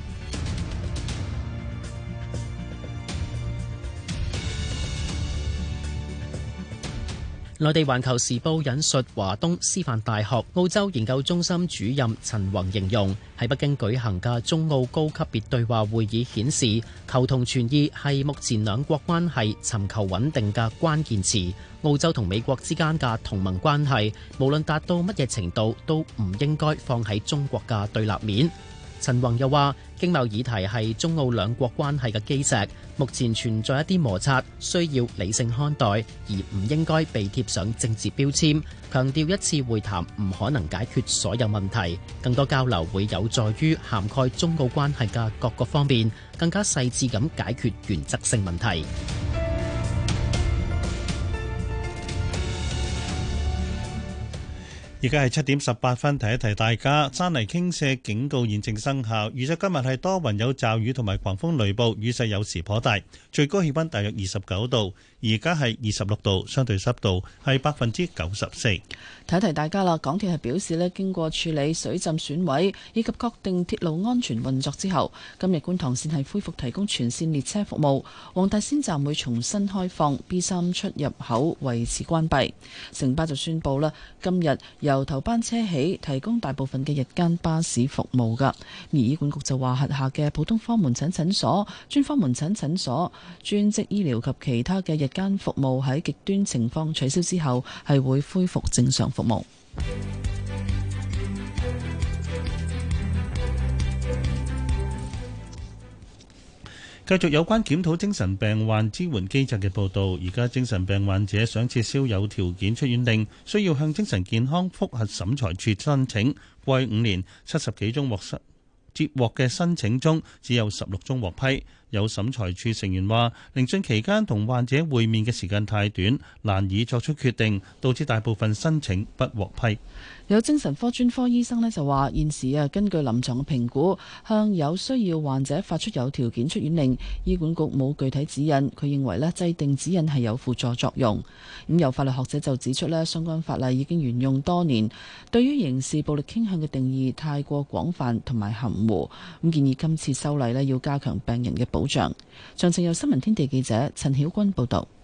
內地環球時報引述華東師範大學澳洲研究中心主任陳宏形容，喺北京舉行嘅中澳高級別對話會議顯示，求同存異係目前兩國關係尋求穩定嘅關鍵詞。澳洲同美國之間嘅同盟關係，無論達到乜嘢程度，都唔應該放喺中國嘅對立面。陳宏又話。經貿議題係中澳兩國關係嘅基石，目前存在一啲摩擦，需要理性看待，而唔應該被貼上政治標籤。強調一次會談唔可能解決所有問題，更多交流會有助於涵蓋中澳關係嘅各個方面，更加細緻咁解決原則性問題。而家係七點十八分，提一提大家，山泥傾瀉警告現正生效。預測今日係多雲有驟雨同埋狂風雷暴，雨勢有時頗大，最高氣溫大約二十九度。而家係二十六度，相對濕度係百分之九十四。睇提，提大家啦，港鐵係表示咧，經過處理水浸損毀以及確定鐵路安全運作之後，今日觀塘綫係恢復提供全綫列車服務。黃大仙站會重新開放 B 三出入口，維持關閉。城巴就宣佈啦，今日由頭班車起提供大部分嘅日間巴士服務噶，而醫管局就話轄下嘅普通科門診診所、專科門診診所、專職醫療及其他嘅日間服務喺極端情況取消之後，係會恢復正常服務。繼續有關檢討精神病患支援機制嘅報道，而家精神病患者想撤銷有條件出院令，需要向精神健康復核審裁處申請。過去五年七十幾宗獲接獲嘅申請中，只有十六宗獲批。有審裁處成員話：聆訊期間同患者會面嘅時間太短，難以作出決定，導致大部分申請不獲批。有精神科專科醫生咧，就話，現時啊根據臨床嘅評估，向有需要患者發出有條件出院令。醫管局冇具體指引，佢認為咧制定指引係有輔助作用。咁、嗯、有法律學者就指出咧，相關法例已經沿用多年，對於刑事暴力傾向嘅定義太過廣泛同埋含糊。咁建議今次修例咧要加強病人嘅保障。詳情由新聞天地記者陳曉君報道。 [music]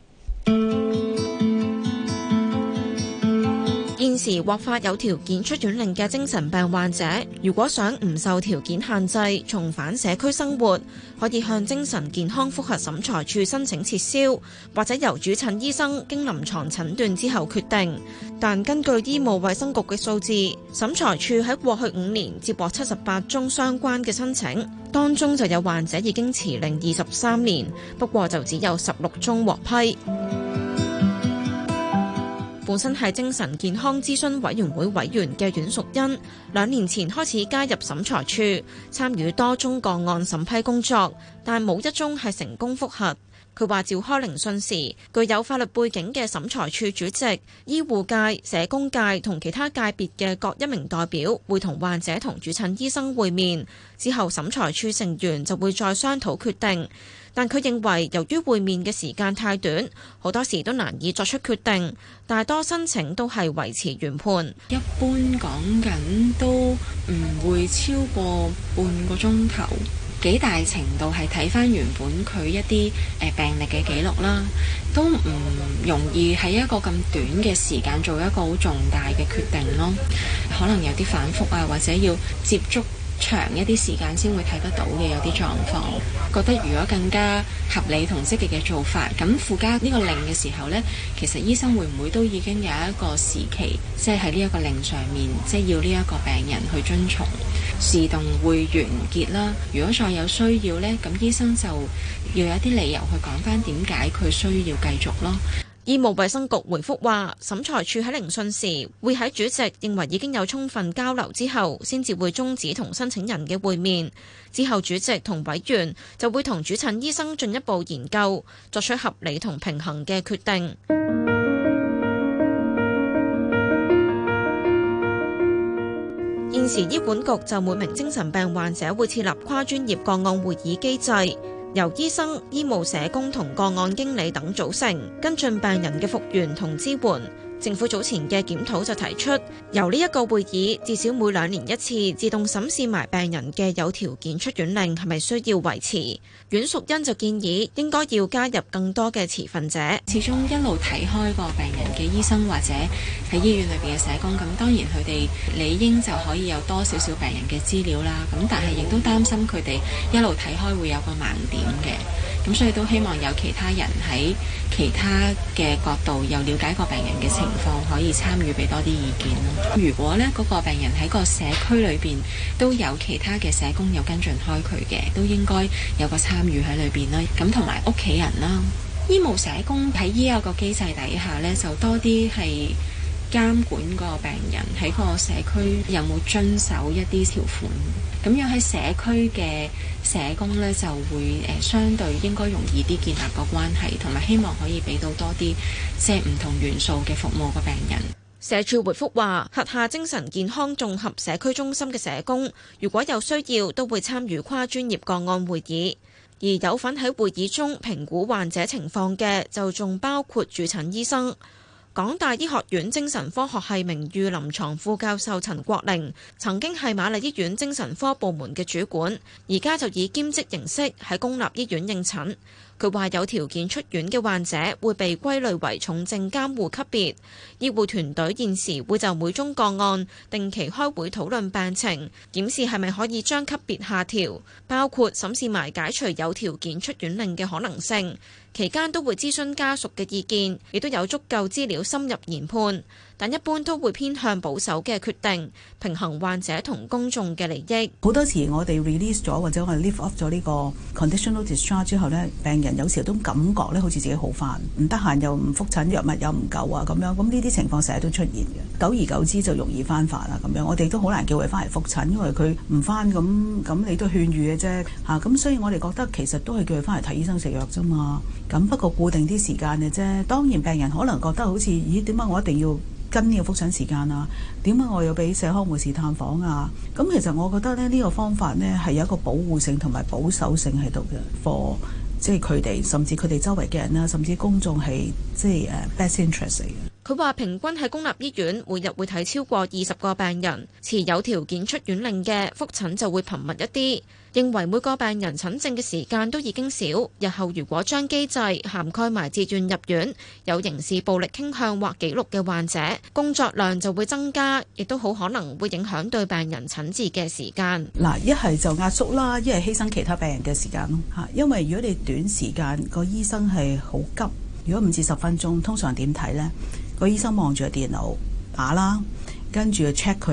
現時獲發有條件出院令嘅精神病患者，如果想唔受條件限制重返社區生活，可以向精神健康復核審裁處申請撤銷，或者由主診醫生經臨床診斷之後決定。但根據醫務衛生局嘅數字，審裁處喺過去五年接獲七十八宗相關嘅申請，當中就有患者已經持令二十三年，不過就只有十六宗獲批。本身係精神健康諮詢委員會委員嘅阮淑欣，兩年前開始加入審裁處，參與多宗個案審批工作，但冇一宗係成功覆核。佢話召開聆訊時，具有法律背景嘅審裁處主席、醫護界、社工界同其他界別嘅各一名代表會同患者同主診醫生會面，之後審裁處成員就會再商討決定。但佢認為，由於會面嘅時間太短，好多時都難以作出決定，大多申請都係維持原判。一般講緊都唔會超過半個鐘頭，幾大程度係睇返原本佢一啲誒病歷嘅記錄啦，都唔容易喺一個咁短嘅時間做一個好重大嘅決定咯，可能有啲反覆啊，或者要接觸長一啲時間先會睇得到嘅有啲狀況，覺得如果更加合理同積極嘅做法，咁附加呢個令嘅時候呢，其實醫生會唔會都已經有一個時期，即係喺呢一個令上面，即係要呢一個病人去遵從，自動會完結啦。如果再有需要呢，咁醫生就要有啲理由去講返點解佢需要繼續咯。醫務衛生局回覆話，審裁處喺聆訊時會喺主席認為已經有充分交流之後，先至會終止同申請人嘅會面。之後，主席同委員就會同主診醫生進一步研究，作出合理同平衡嘅決定。 [music] 現時醫管局就每名精神病患者會設立跨專業個案會議機制。由醫生、醫務社工同個案經理等組成，跟進病人嘅復原同支援。政府早前嘅檢討就提出，由呢一個會議至少每兩年一次自動審視埋病人嘅有條件出院令係咪需要維持。阮淑欣就建議應該要加入更多嘅持份者，始終一路睇開個病人嘅醫生或者喺醫院裏邊嘅社工，咁當然佢哋理應就可以有多少少病人嘅資料啦。咁但係亦都擔心佢哋一路睇開會有個盲點嘅。咁所以都希望有其他人喺其他嘅角度又了解個病人嘅情況，可以參與俾多啲意見咯。如果呢嗰個病人喺個社區裏邊都有其他嘅社工有跟進開佢嘅，都應該有個參與喺裏邊啦。咁同埋屋企人啦，醫務社工喺依一個機制底下咧，就多啲係。監管個病人喺個社區有冇遵守一啲條款，咁樣喺社區嘅社工咧就會誒相對應該容易啲建立個關係，同埋希望可以俾到多啲即係唔同元素嘅服務個病人。社署回覆話轄下精神健康綜合社區中心嘅社工如果有需要都會參與跨專業個案會議，而有份喺會議中評估患者情況嘅就仲包括主診醫生。港大醫學院精神科學系名譽臨床副、副教授陳國寧，曾經係瑪麗醫院精神科部門嘅主管，而家就以兼職形式喺公立醫院應診。佢話：有條件出院嘅患者會被歸類為重症監護級別，醫護團隊現時會就每宗個案定期開會討論病情，檢視係咪可以將級別下調，包括審視埋解除有條件出院令嘅可能性。期間都會諮詢家屬嘅意見，亦都有足夠資料深入研判。但一般都會偏向保守嘅決定，平衡患者同公眾嘅利益。好多時我哋 release 咗或者我哋 lift off 咗呢個 conditional discharge 之後呢，病人有時都感覺咧好似自己好翻，唔得閒又唔復診，藥物又唔夠啊咁樣。咁呢啲情況成日都出現嘅，久而久之就容易翻發啦咁樣。我哋都好難叫佢翻嚟復診，因為佢唔翻，咁咁你都勸喻嘅啫吓，咁、oh! 啊、所以我哋覺得其實都係叫佢翻嚟睇醫生食藥啫嘛。咁不過固定啲時間嘅啫。當然病人可能覺得好似咦點解我一定要？跟呢個復診時間啊，點解我要俾社康護士探訪啊？咁其實我覺得咧，呢個方法呢，係有一個保護性同埋保守性喺度嘅，for 即係佢哋，甚至佢哋周圍嘅人啦，甚至公眾係即係 best interest 嘅。佢話平均喺公立醫院每日會睇超過二十個病人，持有條件出院令嘅復診就會頻密一啲。認為每個病人診症嘅時間都已經少，日後如果將機制涵蓋埋自願入院、有刑事暴力傾向或記錄嘅患者，工作量就會增加，亦都好可能會影響對病人診治嘅時間。嗱，一係就壓縮啦，一係犧牲其他病人嘅時間咯吓。因為如果你短時間、個醫生係好急，如果唔至十分鐘，通常點睇呢？個醫生望住個電腦打啦，跟住 check 佢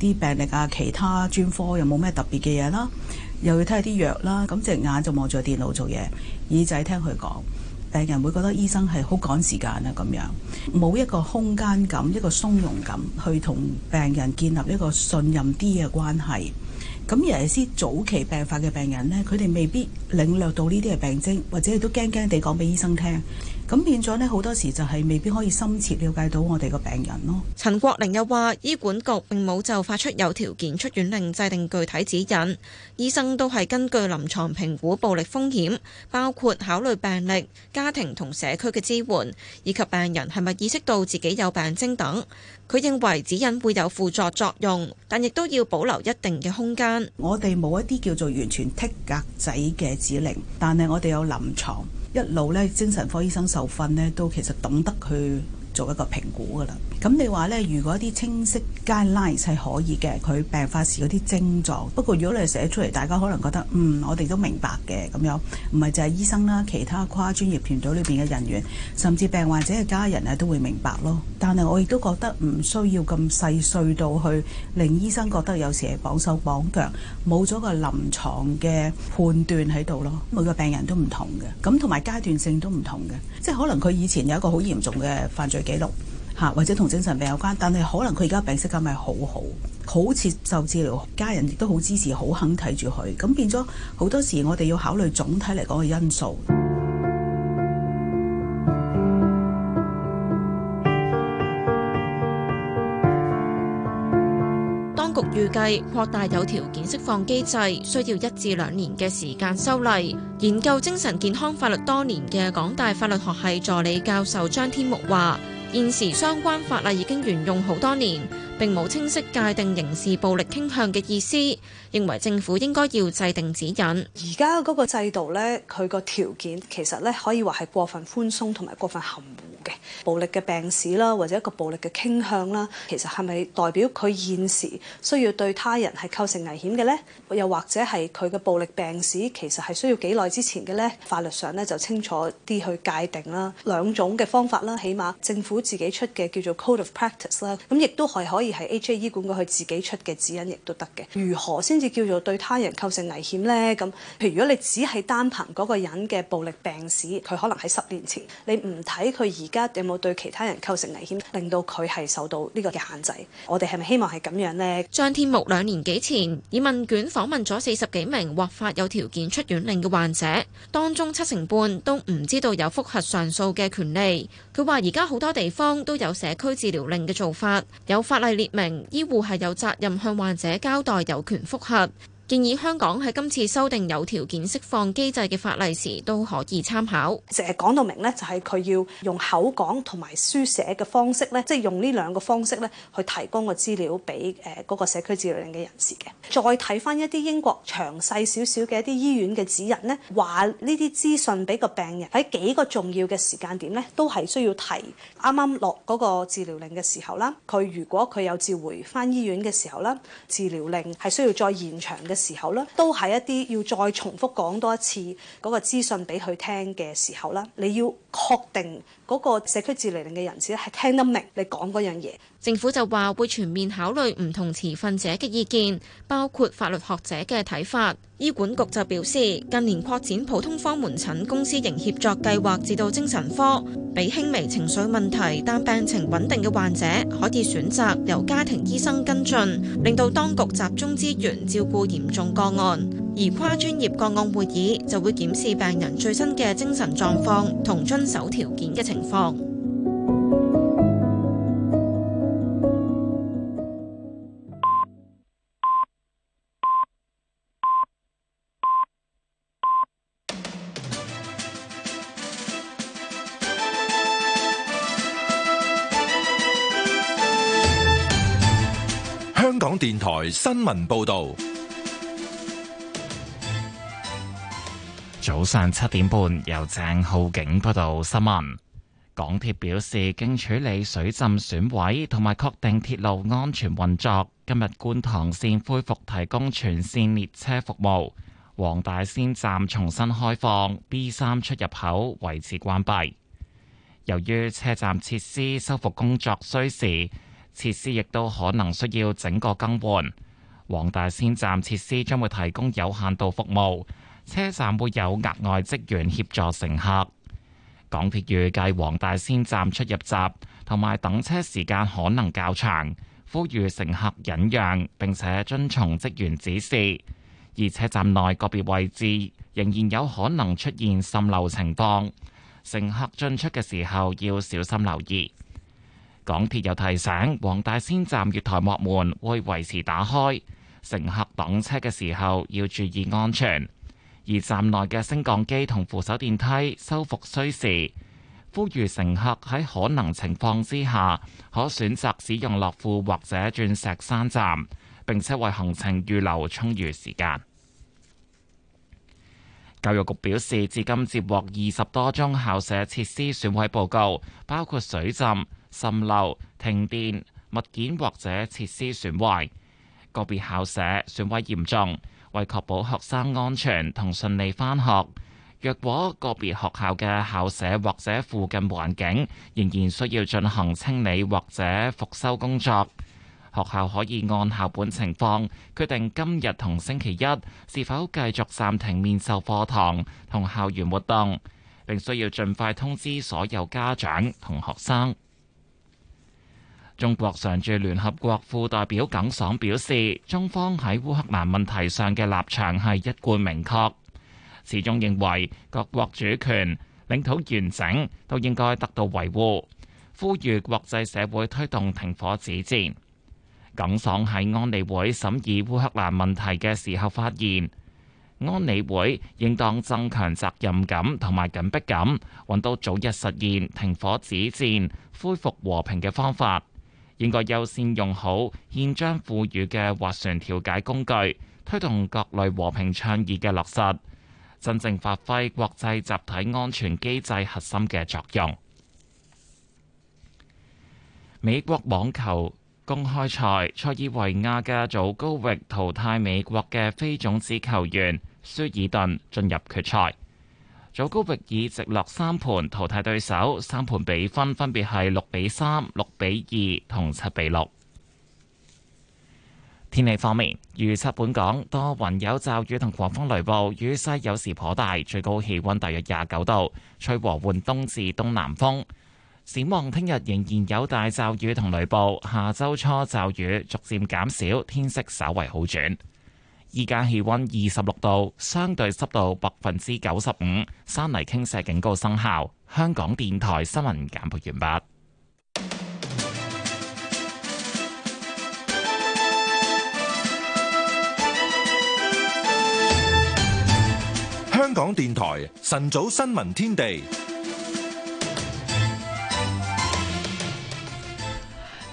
啲病歷啊，其他專科有冇咩特別嘅嘢啦。又要睇下啲藥啦，咁隻眼就望住電腦做嘢，耳仔聽佢講。病人會覺得醫生係好趕時間啊，咁樣冇一個空間感、一個鬆容感，去同病人建立一個信任啲嘅關係。咁尤其是早期病發嘅病人呢，佢哋未必領略到呢啲嘅病徵，或者都驚驚地講俾醫生聽。咁變咗呢，好多時就係未必可以深切了解到我哋個病人咯。陳國寧又話：醫管局並冇就發出有條件出院令制定具體指引，醫生都係根據臨床評估暴力風險，包括考慮病歷、家庭同社區嘅支援，以及病人係咪意識到自己有病徵等。佢認為指引會有輔助作，作用，但亦都要保留一定嘅空間。我哋冇一啲叫做完全剔格仔嘅指令，但係我哋有臨床。一路咧，精神科醫生受訓咧，都其實懂得佢。做一個評估㗎啦。咁你話呢，如果啲清晰 guideline 係可以嘅，佢病發時嗰啲症狀，不過如果你寫出嚟，大家可能覺得嗯，我哋都明白嘅咁樣，唔係就係醫生啦，其他跨專業團隊裏邊嘅人員，甚至病患者嘅家人啊都會明白咯。但係我亦都覺得唔需要咁細碎到去令醫生覺得有時係綁手綁腳，冇咗個臨床嘅判斷喺度咯。每個病人都唔同嘅，咁同埋階段性都唔同嘅，即係可能佢以前有一個好嚴重嘅犯罪記錄嚇，或者同精神病有關，但係可能佢而家病息咁係好好，好似受治療，家人亦都好支持，好肯睇住佢，咁變咗好多時，我哋要考慮總體嚟講嘅因素。當局預計擴大有條件釋放機制，需要一至兩年嘅時間修例。研究精神健康法律多年嘅港大法律學系助理教授張天木話。現時相關法例已經沿用好多年，並冇清晰界定刑事暴力傾向嘅意思，認為政府應該要制定指引。而家個制度咧，佢個條件其實咧可以話係過分寬鬆同埋過分含糊。暴力嘅病史啦，或者一個暴力嘅傾向啦，其實係咪代表佢現時需要對他人係構成危險嘅咧？又或者係佢嘅暴力病史其實係需要幾耐之前嘅咧？法律上咧就清楚啲去界定啦，兩種嘅方法啦，起碼政府自己出嘅叫做 Code of Practice 啦，咁亦都係可以係 HA 醫管局佢自己出嘅指引亦都得嘅。如何先至叫做對他人構成危險咧？咁譬如如果你只係單憑嗰個人嘅暴力病史，佢可能喺十年前，你唔睇佢而。而家有冇對其他人構成危險，令到佢係受到呢個嘅限制？我哋係咪希望係咁樣呢？張天木兩年幾前以問卷訪問咗四十幾名獲發有條件出院令嘅患者，當中七成半都唔知道有複核上訴嘅權利。佢話而家好多地方都有社區治療令嘅做法，有法例列明醫護係有責任向患者交代有權複核。建議香港喺今次修訂有條件釋放機制嘅法例時都可以參考。直係講到明咧，就係佢要用口講同埋書寫嘅方式咧，即係用呢兩個方式咧去提供個資料俾誒嗰個社區治療令嘅人士嘅。再睇翻一啲英國詳細少少嘅一啲醫院嘅指引咧，話呢啲資訊俾個病人喺幾個重要嘅時間點咧都係需要提。啱啱落嗰個治療令嘅時候啦，佢如果佢有召回翻醫院嘅時候啦，治療令係需要再延長嘅。時候啦，都係一啲要再重複講多一次嗰個資訊俾佢聽嘅時候啦，你要確定。嗰個社區治理嘅人士係聽得明你講嗰樣嘢。政府就話會全面考慮唔同持份者嘅意見，包括法律學者嘅睇法。醫管局就表示，近年擴展普通科門診公私營協作計劃至到精神科，俾輕微情緒問題但病情穩定嘅患者可以選擇由家庭醫生跟進，令到當局集中資源照顧嚴重個案。而跨專業個案會議就會檢視病人最新嘅精神狀況同遵守條件嘅情況。香港電台新聞報導。早上七點半，由鄭浩景報道新聞。港鐵表示，經處理水浸損毀，同埋確定鐵路安全運作，今日觀塘線恢復提供全線列車服務。黃大仙站重新開放，B3 出入口，維持關閉。由於車站設施修復工作需時，設施亦都可能需要整個更換。黃大仙站設施將會提供有限度服務。車站會有額外職員協助乘客。港鐵預計黃大仙站出入閘同埋等車時間可能較長，呼籲乘客忍讓，並且遵從職員指示。而車站內個別位置仍然有可能出現滲漏情況，乘客進出嘅時候要小心留意。港鐵又提醒黃大仙站月台幕門會維持打開，乘客等車嘅時候要注意安全。而站內嘅升降機同扶手電梯修復需時，呼籲乘客喺可能情況之下，可選擇使用樂富或者鑽石山站，並且為行程預留充裕時間。教育局表示，至今接獲二十多宗校舍設施損毀報告，包括水浸、滲漏、停電、物件或者設施損壞，個別校舍損毀嚴重。為確保學生安全同順利返學，若果個別學校嘅校舍或者附近環境仍然需要進行清理或者復修工作，學校可以按校本情況決定今日同星期一是否繼續暫停面授課堂同校園活動，並需要盡快通知所有家長同學生。中國常駐聯合國副代表耿爽表示，中方喺烏克蘭問題上嘅立場係一貫明確，始終認為各國主權、領土完整都應該得到維護，呼籲國際社會推動停火止戰。耿爽喺安理會審議烏克蘭問題嘅時候發現，安理會應當增強責任感同埋緊迫感，揾到早日實現停火止戰、恢復和平嘅方法。應該優先用好憲章賦予嘅斡旋調解工具，推動各類和平倡議嘅落實，真正發揮國際集體安全機制核心嘅作用。美國網球公開賽，塞爾維亞嘅祖高域淘汰美國嘅非種子球員舒爾頓，進入決賽。早高域以直落三盤淘汰對手，三盤比分分別係六比三、六比二同七比六。天氣方面，預測本港多雲有驟雨同狂風雷暴，雨勢有時頗大，最高氣温大約廿九度，吹和緩東至東南風。展望聽日仍然有大驟雨同雷暴，下周初驟雨逐漸減少，天色稍為好轉。依家氣溫二十六度，相對濕度百分之九十五，山泥傾瀉警告生效。香港電台新聞簡報完畢。香港電台晨早新聞天地。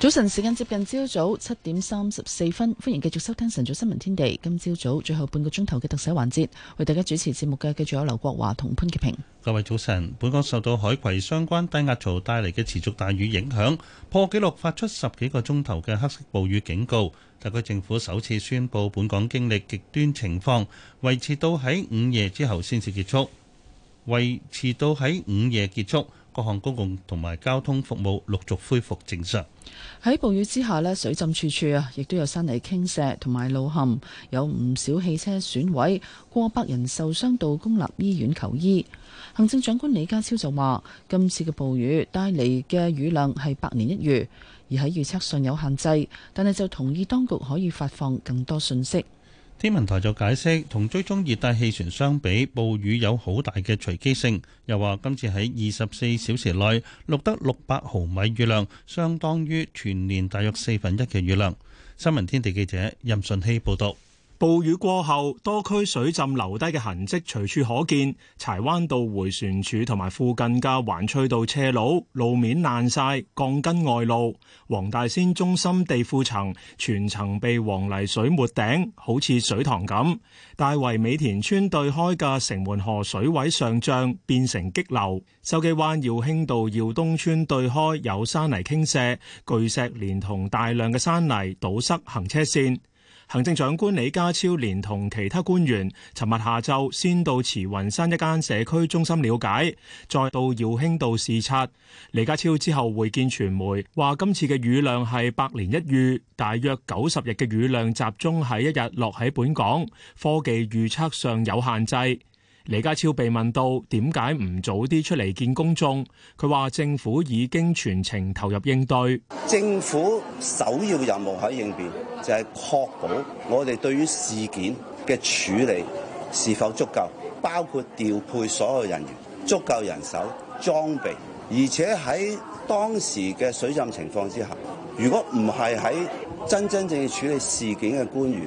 早晨時間接近朝早七點三十四分，歡迎繼續收聽晨早新聞天地。今朝早早最後半個鐘頭嘅特寫環節，為大家主持節目嘅繼續有劉國華同潘潔平。各位早晨，本港受到海葵相關低壓槽帶嚟嘅持續大雨影響，破紀錄發出十幾個鐘頭嘅黑色暴雨警告，特區政府首次宣布本港經歷極端情況，維持到喺午夜之後先至結束，維持到喺午夜結束。各項公共同埋交通服務陸續恢復正常。喺暴雨之下咧，水浸處處啊，亦都有山泥傾瀉同埋路陷，有唔少汽車損毀，過百人受傷到公立醫院求醫。行政長官李家超就話：今次嘅暴雨帶嚟嘅雨量係百年一遇，而喺預測上有限制，但係就同意當局可以發放更多信息。天文台就解釋，同追蹤熱帶氣旋相比，暴雨有好大嘅隨機性。又話今次喺二十四小時內錄得六百毫米雨量，相當於全年大約四分一嘅雨量。新聞天地記者任順熙報道。暴雨過後，多區水浸留低嘅痕跡隨處可見。柴灣道回旋處同埋附近嘅環翠道斜路路面爛晒，鋼筋外露。黃大仙中心地庫層全層被黃泥水沒頂，好似水塘咁。大圍美田村對開嘅城門河水位上漲，變成激流。筲箕灣耀興道耀東村對開有山泥傾瀉，巨石連同大量嘅山泥堵塞行車線。行政長官李家超連同其他官員，尋日下晝先到慈雲山一間社區中心了解，再到耀興道視察。李家超之後會見傳媒，話今次嘅雨量係百年一遇，大約九十日嘅雨量集中喺一日落喺本港。科技預測上有限制。李家超被問到點解唔早啲出嚟見公眾，佢話政府已經全程投入應對。政府首要任務喺應變，就係確保我哋對於事件嘅處理是否足夠，包括調配所有人員足夠人手裝備，而且喺當時嘅水浸情況之下，如果唔係喺真真正正處理事件嘅官員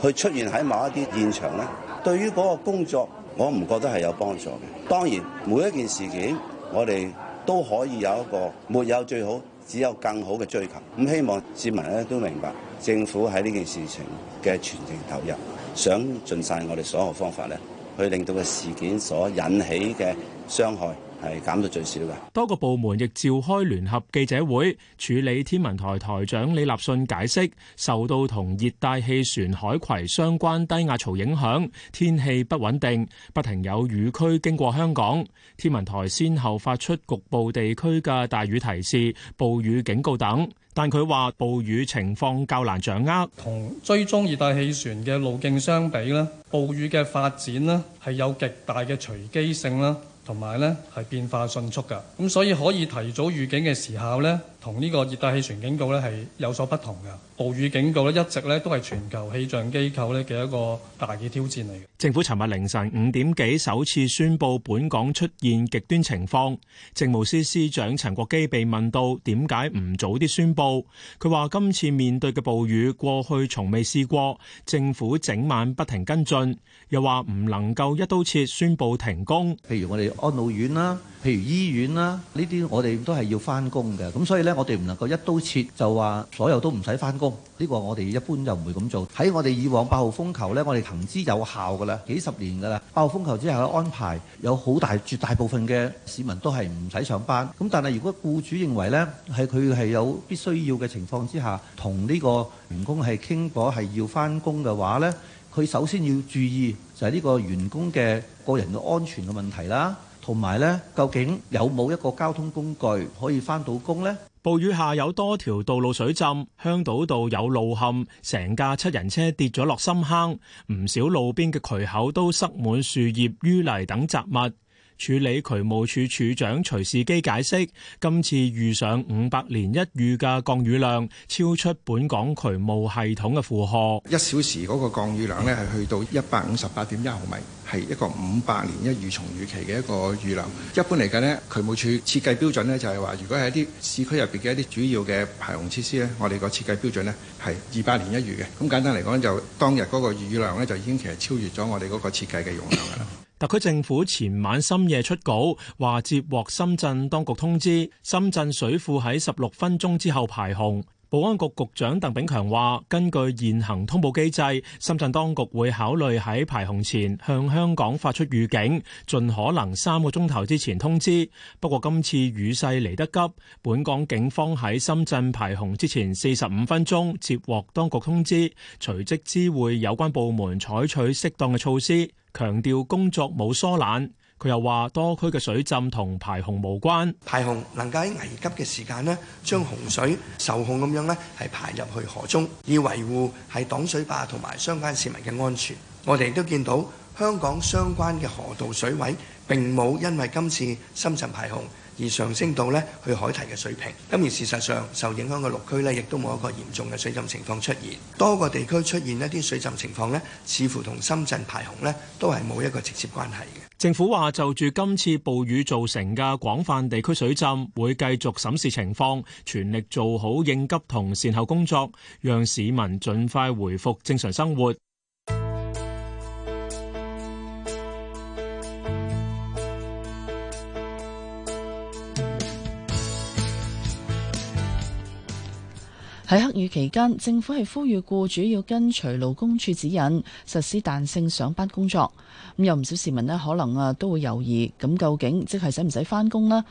去出現喺某一啲現場咧，對於嗰個工作。我唔覺得係有幫助嘅。當然，每一件事件，我哋都可以有一個沒有最好，只有更好嘅追求。咁希望市民咧都明白，政府喺呢件事情嘅全程投入，想盡晒我哋所有方法咧，去令到個事件所引起嘅傷害。係減到最少嘅。多個部門亦召開聯合記者會處理。天文台台長李立信解釋，受到同熱帶氣旋海葵相關低壓槽影響，天氣不穩定，不停有雨區經過香港。天文台先後發出局部地區嘅大雨提示、暴雨警告等。但佢話暴雨情況較難掌握，同追蹤熱帶氣旋嘅路徑相比咧，暴雨嘅發展咧係有極大嘅隨機性啦。同埋咧，係變化迅速㗎，咁所以可以提早預警嘅時候咧。同呢個熱帶氣旋警告咧係有所不同嘅，暴雨警告咧一直咧都係全球氣象機構咧嘅一個大嘅挑戰嚟嘅。政府尋日凌晨五點幾首次宣布本港出現極端情況，政務司司長陳國基被問到點解唔早啲宣布，佢話今次面對嘅暴雨過去從未試過，政府整晚不停跟進，又話唔能夠一刀切宣布停工。譬如我哋安老院啦、啊。譬如醫院啦，呢啲我哋都係要翻工嘅，咁所以呢，我哋唔能夠一刀切就話所有都唔使翻工，呢個我哋一般就唔會咁做。喺我哋以往八號風球呢，我哋行之有效噶啦，幾十年噶啦。八號風球之後嘅安排有好大絕大部分嘅市民都係唔使上班。咁但係如果僱主認為呢，係佢係有必須要嘅情況之下，同呢個員工係傾過係要翻工嘅話呢，佢首先要注意就係呢個員工嘅個人嘅安全嘅問題啦。同埋咧，究竟有冇一個交通工具可以返到工呢？暴雨下有多條道路水浸，香島道有路陷，成架七人車跌咗落深坑，唔少路邊嘅渠口都塞滿樹葉、淤泥等雜物。處理渠務處處長徐仕基解釋：今次遇上五百年一遇嘅降雨量，超出本港渠務系統嘅負荷。一小時嗰個降雨量咧，係去到一百五十八點一毫米，係一個五百年一遇重雨期嘅一個雨量。一般嚟講呢，渠務處設計標準呢就係、係、話，如果係一啲市區入邊嘅一啲主要嘅排洪設施呢，我哋個設計標準呢係二百年一遇嘅。咁簡單嚟講，就當日嗰個雨量呢就已經其實超越咗我哋嗰個設計嘅容量噶啦。 [coughs] 特區政府前晚深夜出稿，話接獲深圳當局通知，深圳水庫喺十六分鐘之後排洪。保安局局長鄧炳強話，根據現行通報機制，深圳當局會考慮喺排洪前向香港發出預警，盡可能三個鐘頭之前通知。不過今次雨勢嚟得急，本港警方喺深圳排洪之前四十五分鐘接獲當局通知，隨即知會有關部門採取適當嘅措施。強調工作冇疏懶，佢又話多區嘅水浸同排洪無關，排洪能夠喺危急嘅時間咧，將洪水受控咁樣咧係排入去河中，以維護係擋水壩同埋相關市民嘅安全。我哋亦都見到香港相關嘅河道水位並冇因為今次深圳排洪，而上升到呢去海堤嘅水平，咁而事實上受影響嘅六區呢亦都冇一個嚴重嘅水浸情況出現，多個地區出現一啲水浸情況呢，似乎同深圳排洪呢都係冇一個直接關係嘅。政府話就住今次暴雨造成嘅廣泛地區水浸，會繼續審視情況，全力做好應急同善後工作，讓市民盡快回復正常生活。喺黑雨期間，政府係呼籲僱主要跟隨勞工處指引，實施彈性上班工作。咁、嗯、有唔少市民呢，可能啊都會猶豫，咁、嗯、究竟即係使唔使返工呢？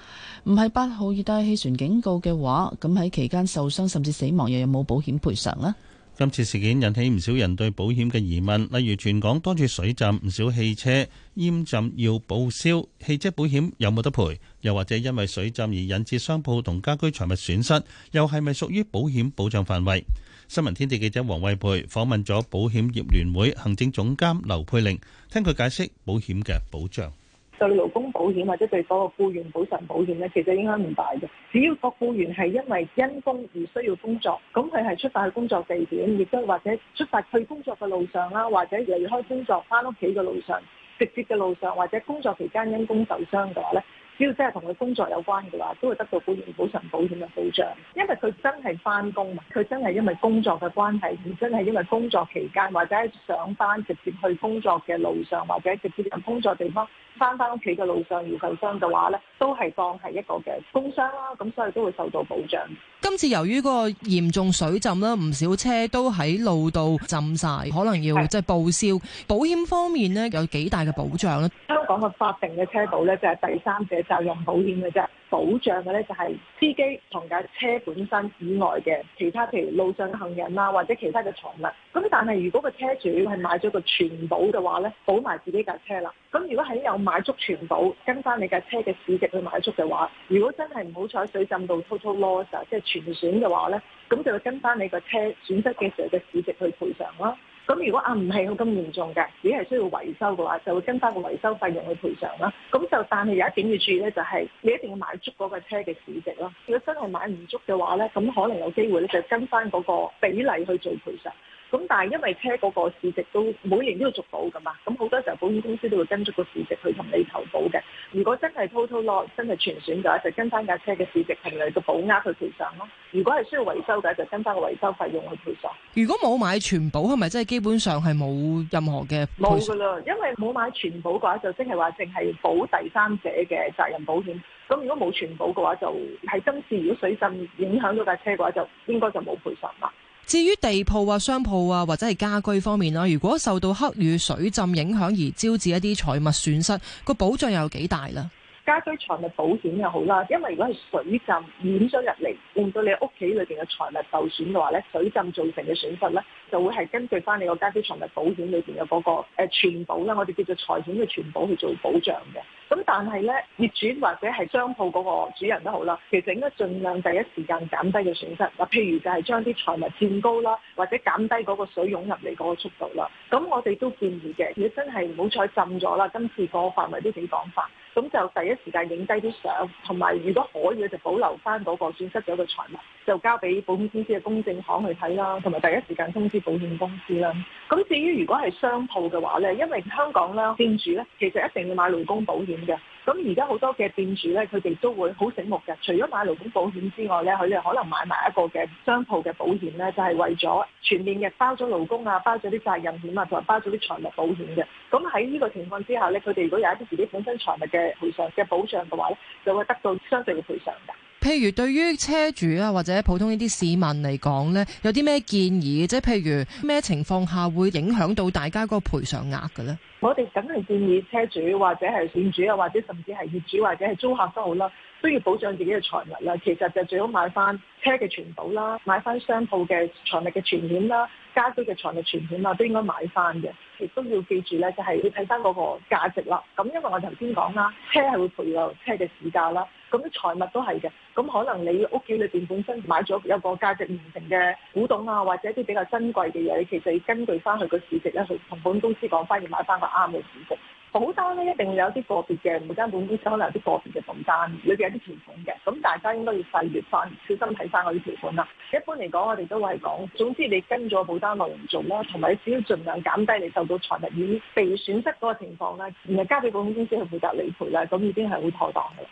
唔係八號熱帶氣旋警告嘅話，咁、嗯、喺期間受傷甚至死亡又有冇保險賠償呢？」今次事件引起唔少人對保險嘅疑問，例如全港多處水浸，唔少汽車淹浸要報銷，汽車保險有冇得賠？又或者因為水浸而引致商鋪同家居財物損失，又係咪屬於保險保障範圍？新聞天地記者黃慧培訪問咗保險業聯會行政總監劉佩玲，聽佢解釋保險嘅保障。對勞工保險或者對嗰個雇員補償保險咧，其實影響唔大嘅。只要個雇員係因為因工而需要工作，咁佢係出發去工作地點，亦都或者出發去工作嘅路上啦，或者離開工作返屋企嘅路上、直接嘅路上，或者工作期間因工受傷嘅話咧。只要真係同佢工作有關嘅話，都會得到保險、補償、保險嘅保障。因為佢真係翻工，佢真係因為工作嘅關係，而真係因為工作期間或者上班直接去工作嘅路上，或者直接由工作地方翻返屋企嘅路上而受傷嘅話咧，都係當係一個嘅工傷啦。咁所以都會受到保障。今次由於嗰個嚴重水浸啦，唔少車都喺路度浸晒，可能要即係報銷保險方面呢，有幾大嘅保障咧？香港嘅法定嘅車保咧，就係第三者。就用保險嘅啫，保障嘅咧就係司機同架車本身以外嘅其他，譬如路上行人啊，或者其他嘅寵物。咁但係如果個車主係買咗個全保嘅話咧，保埋自己架車啦。咁如果喺有買足全保，跟翻你架車嘅市值去買足嘅話，如果真係唔好彩水浸到 total loss，即係全損嘅話咧，咁就會跟翻你個車損失嘅時候嘅市值去賠償囉。咁如果啊唔係好咁嚴重嘅，只係需要維修嘅話，就會跟返個維修費用去賠償啦。咁就但係有一點要注意咧，就係你一定要買足嗰個車嘅市值咯。如果真係買唔足嘅話咧，咁可能有機會咧就跟返嗰個比例去做賠償。咁但係因為車嗰個市值都每年都要續保噶嘛，咁好多時候保險公司都會跟足個市值去同你投保嘅。如果真係 total loss，真係全損嘅話，就跟翻架車嘅市值同你個保額去賠償咯。如果係需要維修嘅，就跟翻個維修費用去賠償。如果冇買全保，係咪真係基本上係冇任何嘅？冇噶啦，因為冇買全保嘅話，就即係話淨係保第三者嘅責任保險。咁如果冇全保嘅話，就係真事，如果水浸影響到架車嘅話，就應該就冇賠償啦。至於地鋪啊、商鋪啊，或者係家居方面啦，如果受到黑雨、水浸影響而招致一啲財物損失，個保障又有幾大啦？家居財物保險又好啦，因為如果係水浸淹咗入嚟，令到你屋企裏邊嘅財物受損嘅話咧，水浸造成嘅損失咧，就會係根據翻你個家居財物保險裏邊嘅嗰個誒、呃、全保啦，我哋叫做財險嘅全保去做保障嘅。咁但係咧，業主或者係商鋪嗰個主人都好啦，其實應該盡量第一時間減低嘅損失。嗱，譬如就係將啲財物墊高啦，或者減低嗰個水湧入嚟嗰個速度啦。咁我哋都建議嘅，如果真係唔好彩浸咗啦，今次個範圍都幾廣泛。咁就第一時間影低啲相，同埋如果可以咧就保留翻嗰個損失咗嘅財物，就交俾保險公司嘅公證行去睇啦，同埋第一時間通知保險公司啦。咁至於如果係商鋪嘅話呢，因為香港咧店主呢，其實一定要買勞工保險嘅。咁而家好多嘅店主咧，佢哋都會好醒目嘅。除咗買勞工保險之外咧，佢哋可能買埋一個嘅商鋪嘅保險咧，就係為咗全面嘅包咗勞工啊，包咗啲責任險啊，同埋包咗啲財物保險嘅。咁喺呢個情況之下咧，佢哋如果有一啲自己本身財物嘅賠償嘅保障嘅話呢，就會得到相對嘅賠償嘅。譬如對於車主啊，或者普通呢啲市民嚟講呢，有啲咩建議？即係譬如咩情況下會影響到大家嗰個賠償額嘅呢？我哋梗係建議車主或者係店主啊，或者甚至係業主或者係租客都好啦，都要保障自己嘅財物啦。其實就最好買翻車嘅全保啦，買翻商鋪嘅財物嘅全險啦。家居嘅財物存險啊，都應該買翻嘅，亦都要記住咧，就係要睇翻嗰個價值啦。咁因為我頭先講啦，車係會賠個車嘅市價啦，咁啲財物都係嘅。咁可能你屋企裏邊本身買咗有個價值唔同嘅古董啊，或者一啲比較珍貴嘅嘢，你其實要根據翻佢個市值咧，去同本公司講翻要買翻個啱嘅市值。保單咧一定會有啲個別嘅，每間保險公司可能有啲個別嘅保單，裏邊有啲條款嘅，咁大家應該要細閱翻，小心睇翻嗰啲條款啦。一般嚟講，我哋都係講，總之你跟咗保單內容做咧，同埋你只要盡量減低你受到財物已被損失嗰個情況咧，然後交俾保險公司去負責理賠咧，咁已經係會妥當嘅。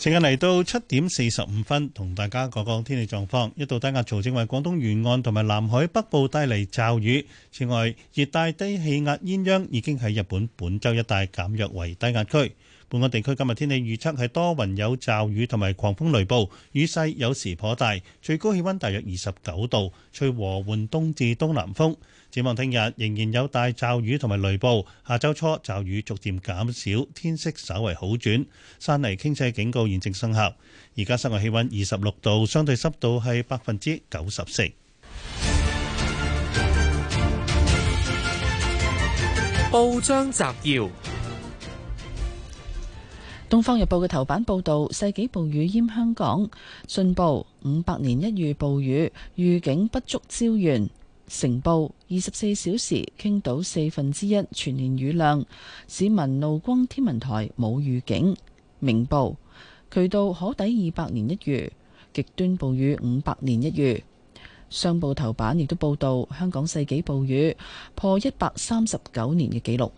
時間嚟到七點四十五分，同大家講講天氣狀況。一度低壓槽正為廣東沿岸同埋南海北部帶嚟驟雨。此外，熱帶低氣壓鴛鴦已經喺日本本州一帶減弱為低壓區。本港地區今日天氣預測係多雲有驟雨同埋狂風雷暴，雨勢有時頗大，最高氣溫大約二十九度，吹和緩東至東南風。展望聽日仍然有大驟雨同埋雷暴，下周初驟雨逐漸減，減少，天色稍為好轉。山泥傾瀉警告現正生效。而家室外氣温二十六度，相對濕度係百分之九十四。報章摘要：《東方日報》嘅頭版報導，世紀暴雨淹香港，進步《信報》五百年一遇暴雨預警不足招怨。成報二十四小時傾倒四分之一全年雨量，市民怒轟天文台冇預警。明報渠道可抵二百年一遇，極端暴雨五百年一遇。《商報》頭版亦都報道，香港世紀暴雨破一百三十九年嘅記錄。《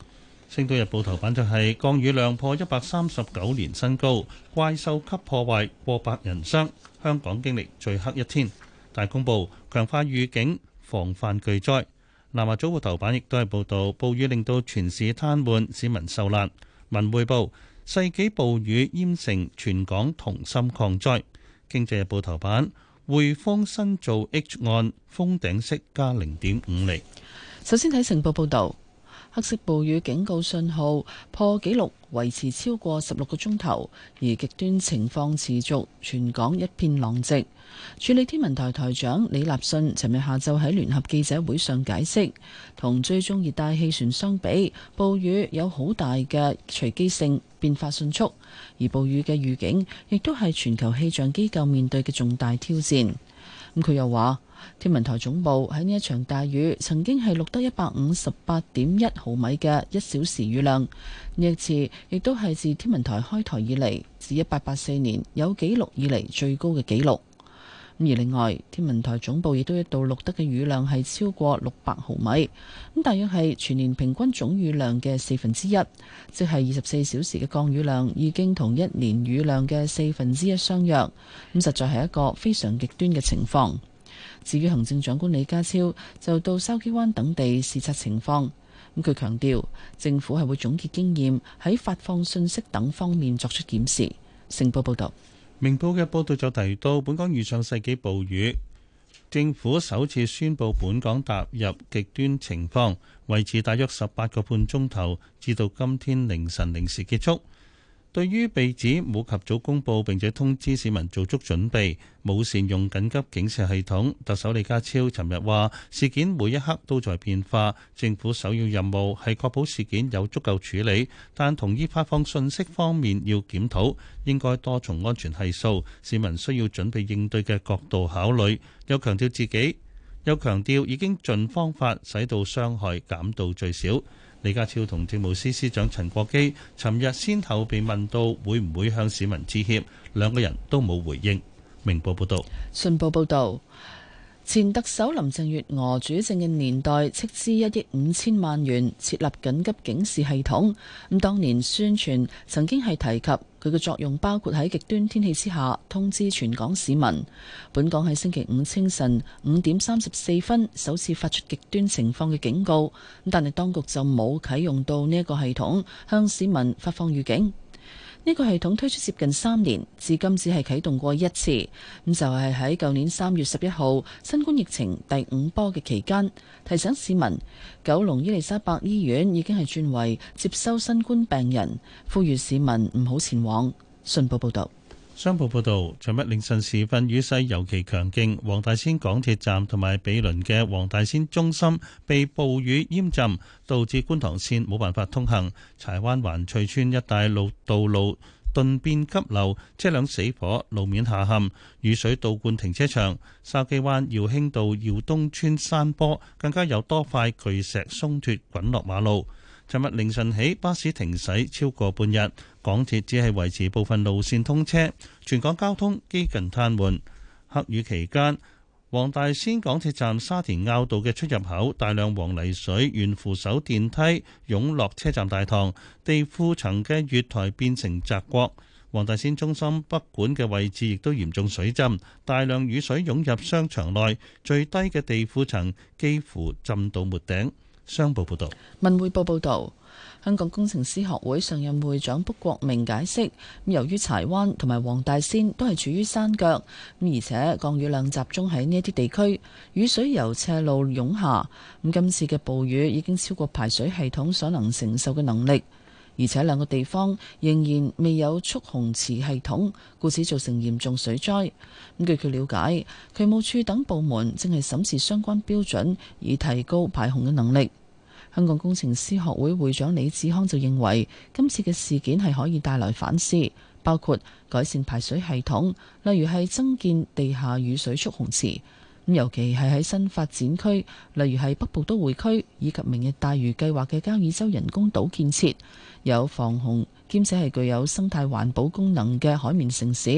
星島日報》頭版就係、是、降雨量破一百三十九年新高，怪獸級破壞過百人傷，香港經歷最黑一天。大公報強化預警，防範巨災。南華早報頭版亦都係報道，暴雨令到全市癱瘓，市民受難。文匯報世紀暴雨淹城全港同心抗災。經濟日報頭版匯豐新造 H 案封頂式加零點五厘。首先睇成報報道，黑色暴雨警告信號破紀錄維持超過十六個鐘頭，而極端情況持續，全港一片狼藉。處理天文台台長李立信，尋日下晝喺聯合記者會上解釋，同追蹤熱帶氣旋相比，暴雨有好大嘅隨機性，變化迅速。而暴雨嘅預警亦都係全球氣象機構面對嘅重大挑戰。咁、嗯、佢又話，天文台總部喺呢一場大雨曾經係錄得一百五十八點一毫米嘅一小時雨量，呢一次亦都係自天文台開台以嚟，自一八八四年有紀錄以嚟最高嘅紀錄。咁而另外，天文台總部亦都一度錄得嘅雨量係超過六百毫米，咁大約係全年平均總雨量嘅四分之一，即係二十四小時嘅降雨量已經同一年雨量嘅四分之一相若，咁實在係一個非常極端嘅情況。至於行政長官李家超就到筲箕灣等地視察情況，咁佢強調政府係會總結經驗，喺發放信息等方面作出檢視，成報報道。明報嘅報道就提到，本港遇上世紀暴雨，政府首次宣布本港踏入極端情況，維持大約十八個半鐘頭，至到今天凌晨零時結束。對於被指冇及早公佈並且通知市民做足準備，冇善用緊急警示系統，特首李家超尋日話：事件每一刻都在變化，政府首要任務係確保事件有足夠處理，但同意發放信息方面要檢討，應該多從安全係數、市民需要準備應對嘅角度考慮。又強調自己又強調已經盡方法使到傷害減到最少。李家超同政務司司長陳國基尋日先後被問到會唔會向市民致歉，兩個人都冇回應。明報報道，信報報道。前特首林鄭月娥主政嘅年代斥資一億五千萬元設立緊急警示系統。咁當年宣傳曾經係提及佢嘅作用，包括喺極端天氣之下通知全港市民。本港喺星期五清晨五點三十四分首次發出極端情況嘅警告，但係當局就冇啟用到呢一個系統，向市民發放預警。呢個系統推出接近三年，至今只係啟動過一次，咁就係喺舊年三月十一號新冠疫情第五波嘅期間，提醒市民，九龍伊利沙伯醫院已經係轉為接收新冠病人，呼籲市民唔好前往。信報報道。商報報導，尋日凌晨時分，雨勢尤其強勁，黃大仙港鐵站同埋比鄰嘅黃大仙中心被暴雨淹浸，導致觀塘線冇辦法通行。柴灣環翠村一帶路道路頓變急流，車輛死火，路面下陷，雨水倒灌停車場。筲箕灣耀興道耀東村山坡更加有多塊巨石鬆脱滾落馬路。昨日凌晨起，巴士停駛超過半日，港鐵只係維持部分路線通車，全港交通幾近癱瘓。黑雨期間，黃大仙港鐵站沙田坳道嘅出入口大量黃泥水沿扶手電梯湧落車站大堂，地庫層嘅月台變成澤國。黃大仙中心北館嘅位置亦都嚴重水浸，大量雨水湧入商場內，最低嘅地庫層幾乎浸到沒頂。商報報導，文匯報報導，香港工程師學會上任會長卜國明解釋：由於柴灣同埋黃大仙都係處於山腳，而且降雨量集中喺呢一啲地區，雨水由斜路湧下，今次嘅暴雨已經超過排水系統所能承受嘅能力，而且兩個地方仍然未有蓄洪池系統，故此造成嚴重水災。咁據佢瞭解，渠務處等部門正係審視相關標準，以提高排洪嘅能力。香港工程師學會會長李志康就認為今次嘅事件係可以帶來反思，包括改善排水系統，例如係增建地下雨水蓄洪池。咁尤其係喺新發展區，例如係北部都會區以及明日大嶼計劃嘅交椅洲人工島建設，有防洪兼且係具有生態環保功能嘅海綿城市，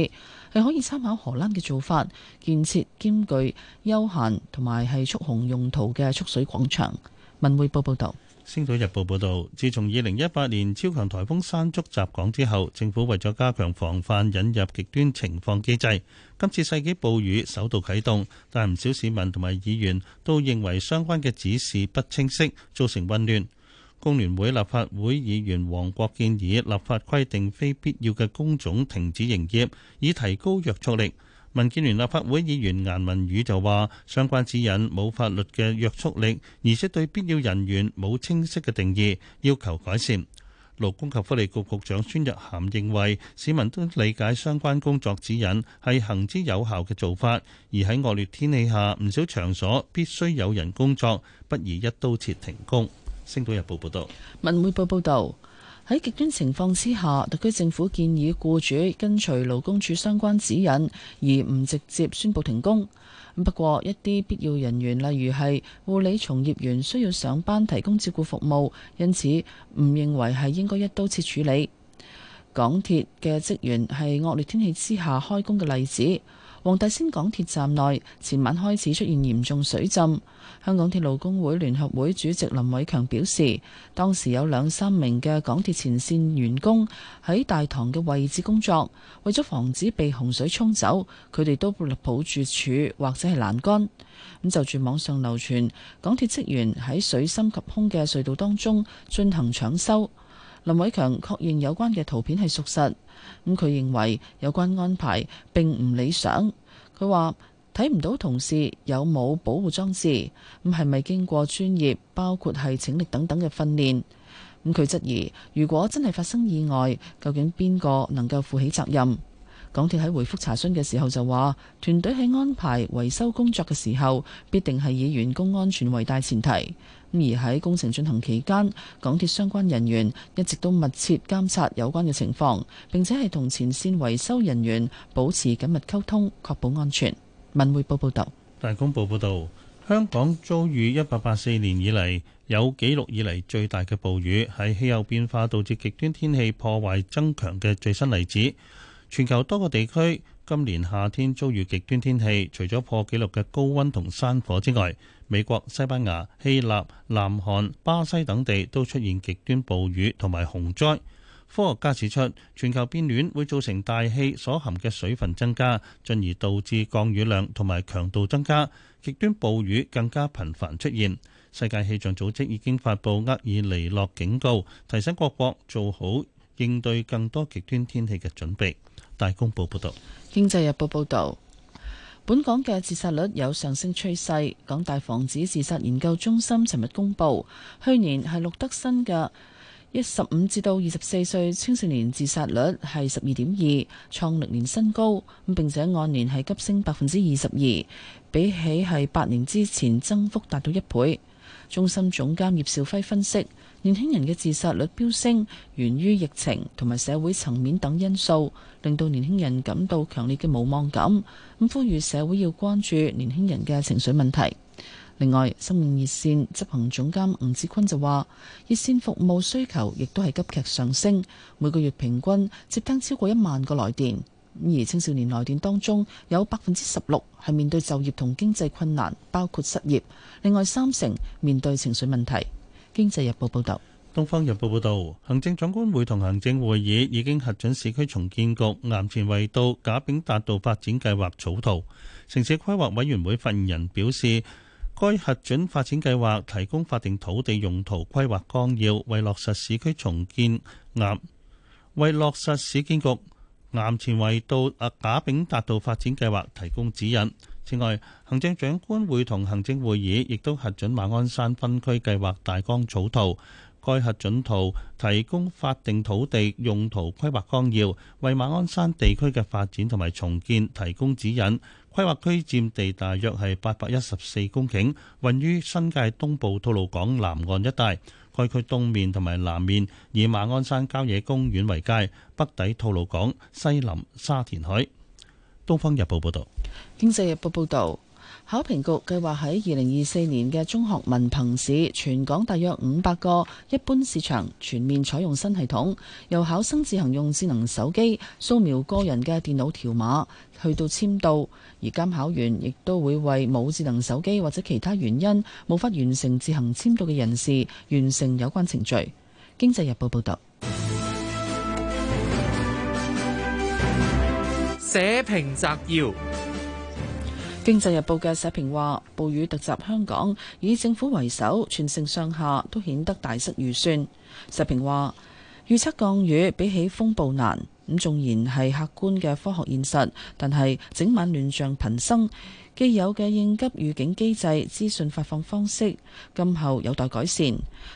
係可以參考荷蘭嘅做法，建設兼具休閒同埋係蓄洪用途嘅蓄水廣場。文匯報報道，星島日報報道，自從二零一八年超強台風山竹襲港之後，政府為咗加強防範引入極端情況機制，今次世紀暴雨首度啟動，但唔少市民同埋議員都認為相關嘅指示不清晰，造成混亂。工聯會立法會議員黃國建議立法規定非必要嘅工種停止營業，以提高約束力。民建聯立法會議員顏汶羽就話：相關指引冇法律嘅約束力，而且對必要人員冇清晰嘅定義，要求改善。勞工及福利局局，局長孫玉菡認為，市民都理解相關工作指引係行之有效嘅做法，而喺惡劣天氣下，唔少場所必須有人工作，不宜一刀切停工。星島日報報道，文匯報報道。喺極端情況之下，特區政府建議僱主跟隨勞工處相關指引，而唔直接宣布停工。不過一啲必要人員，例如係護理從業員，需要上班提供照顧服務，因此唔認為係應該一刀切處理。港鐵嘅職員係惡劣天氣之下開工嘅例子。黃大仙港鐵站內前晚開始出現嚴重水浸，香港鐵路工會聯合會主席林偉強表示，當時有兩三名嘅港鐵前線員工喺大堂嘅位置工作，為咗防止被洪水沖走，佢哋都抱住柱或者係欄杆。咁就住網上流傳，港鐵職員喺水深及胸嘅隧道當中進行搶修。林偉強確認有關嘅圖片係屬實，咁佢認為有關安排並唔理想。佢話睇唔到同事有冇保護裝置，咁係咪經過專業，包括係請力等等嘅訓練？咁佢質疑，如果真係發生意外，究竟邊個能夠負起責任？港鐵喺回覆查詢嘅時候就話，團隊喺安排維修工作嘅時候，必定係以員工安全為大前提。而喺工程進行期間，港鐵相關人員一直都密切監察有關嘅情況，並且係同前線維修人員保持緊密溝通，確保安全。文匯報報道：「大公報報道，香港遭遇一八八四年以嚟有紀錄以嚟最大嘅暴雨，係氣候變化導致極端天氣破壞增強嘅最新例子。全球多個地區，今年夏天遭遇極端天氣，除咗破紀錄嘅高溫同山火之外，美國、西班牙、希臘、南韓、巴西等地都出現極端暴雨同埋洪災，科學家指出，全球變暖會造成大氣所含嘅水分增加，進而導致降雨量同埋強度增加，極端暴雨更加頻繁出現。世界氣象組織已經發布厄爾尼諾警告，提醒各國做好應對更多極端天氣嘅準備，大公報報道。經濟日報報道，本港嘅自殺率有上升趨勢。港大防止自殺研究中心尋日公布，去年係錄得新嘅一十五至到二十四歲青少年自殺率係十二點二，創歷年新高，並且按年係急升百分之二十二，比起係八年之前增幅達到一倍。中心總監葉兆輝分析，年輕人嘅自殺率飆升，源於疫情同埋社會層面等因素，令到年輕人感到強烈嘅無望感。咁呼籲社會要關注年輕人嘅情緒問題。另外，生命熱線執行總監吳志坤就話，熱線服務需求亦都係急劇上升，每個月平均接聽超過一萬個來電。而青少年來電當中有百分之十六係面對就業同經濟困難，包括失業。另外三成面對情緒問題。經濟日報報導，東方日報報導，行政長官會同行政會議已經核准市區重建局巖前圍到衙前圍道賈炳達道發展計劃草圖。城市規劃委員會發言人表示，該核准發展計劃提供法定土地用途規劃綱要，為落實市區重建岩，為落實市建局。岩前為到，阿賈炳達道發展計劃提供指引。此外，行政長官會同行政會議亦都核准馬鞍山分區計劃大綱草圖。該核准圖提供法定土地用途規劃綱要，為馬鞍山地區嘅發展同埋重建提供指引。規劃區佔地大約係八百一十四公頃，位於新界東部吐露港南岸一帶。該區東面同埋南面以馬鞍山郊野公園為界，北抵吐露港，西臨沙田海。東方日報報道，經濟日報報道。考評局計劃喺二零二四年嘅中學文憑試，全港大約五百個一般市場全面採用新系統，由考生自行用智能手機掃描個人嘅電腦條碼去到簽到，而監考員亦都會為冇智能手機或者其他原因無法完成自行簽到嘅人士完成有關程序。經濟日報報道。寫評摘要。《經濟日報》嘅社評話：暴雨突襲香港，以政府為首，全城上下都顯得大失預算。社評話：預測降雨比起風暴難，咁縱然係客觀嘅科學現實，但係整晚亂象頻生，既有嘅應急預警機制、資訊發放方式，今後有待改善。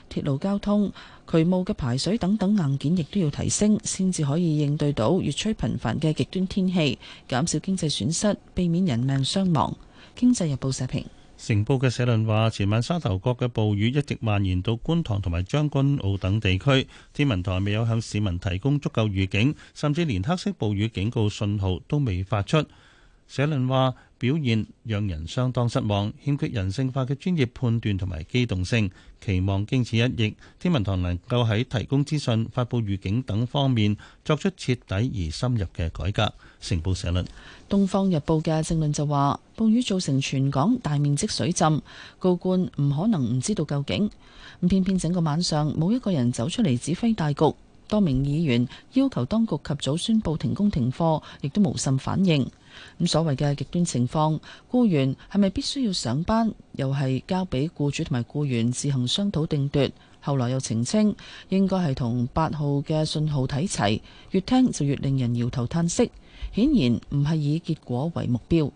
鐵路交通渠務嘅排水等等硬件亦都要提升，先至可以應對到越趨頻繁嘅極端天氣，減少經濟損失，避免人命傷亡。經濟日報社評。成報嘅社論話，前晚沙頭角嘅暴雨一直蔓延到觀塘同埋將軍澳等地區，天文台未有向市民提供足夠預警，甚至連黑色暴雨警告信號都未發出。社論話。表現讓人相當失望，欠缺人性化嘅專業判斷同埋機動性。期望經此一役，天文台能夠喺提供資訊、發佈預警等方面作出徹底而深入嘅改革。成報社論，《東方日報》嘅政論就話：暴雨造成全港大面積水浸，高官唔可能唔知道究竟，咁偏偏整個晚上冇一個人走出嚟指揮大局。多名議員要求當局及早宣佈停工停課，亦都無甚反應。咁所謂嘅極端情況，僱員係咪必須要上班，又係交俾僱主同埋僱員自行商討定奪？後來又澄清應該係同八號嘅信號睇齊，越聽就越令人搖頭嘆息。顯然唔係以結果為目標。《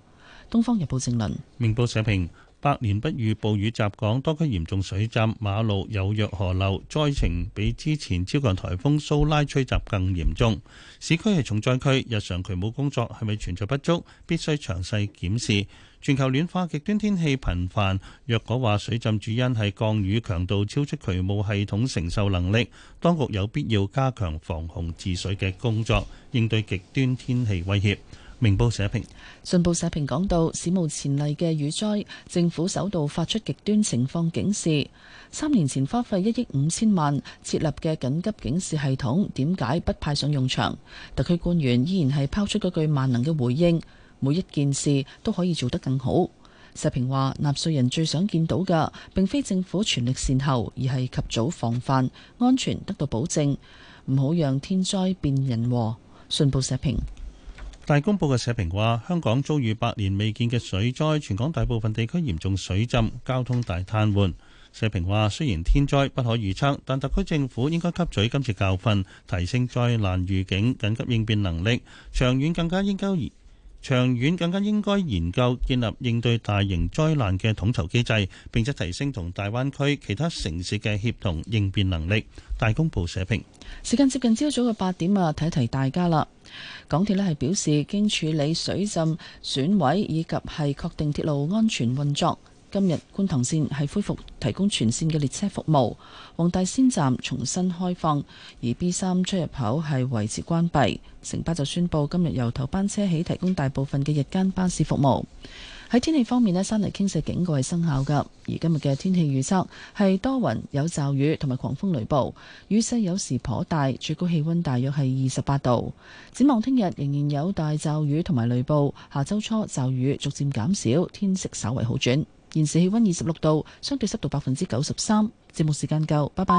東方日報》正論，明報社評。百年不遇暴雨襲港，多區嚴重水浸，馬路有如河流，災情比之前超強颱風蘇拉吹襲更嚴重。市區係重災區，日常渠務工作係咪存在不足？必須詳細檢視。全球暖化，極端天氣頻繁，若果話水浸主因係降雨強度超出渠務系統承受能力，當局有必要加強防洪治水嘅工作，應對極端天氣威脅。明報社評，信報社評講到史無前例嘅雨災，政府首度發出極端情況警示。三年前花費一億五千萬設立嘅緊急警示系統點解不派上用場？特區官員依然係拋出嗰句萬能嘅回應，每一件事都可以做得更好。社評話納稅人最想見到嘅並非政府全力善後，而係及早防範安全得到保證，唔好讓天災變人禍，信報社評。大公報嘅社評話：香港遭遇百年未見嘅水災，全港大部分地區嚴重水浸，交通大癱瘓。社評話：雖然天災不可預測，但特區政府應該吸取今次教訓，提升災難預警緊急應變能力。長遠更加應該長遠更加應該研究建立應對大型災難嘅統籌機制，並且提升同大灣區其他城市嘅協同應變能力。大公報社評。時間接近朝早嘅八點啊，提提大家啦。港鐵呢係表示，經處理水浸損毀以及係確定鐵路安全運作，今日觀塘線係恢復提供全線嘅列車服務，黃大仙站重新開放，而 B 三出入口係維持關閉。城巴就宣布今日由頭班車起提供大部分嘅日間巴士服務。喺天氣方面咧，山泥傾瀉警告係生效噶。而今日嘅天氣預測係多雲有驟雨同埋狂風雷暴，雨勢有時頗大，最高氣溫大約係二十八度。展望聽日仍然有大驟雨同埋雷暴，下周初驟雨逐漸減少，天色稍為好轉。現時氣溫二十六度，相對濕度百分之九十三。節目時間夠，拜拜。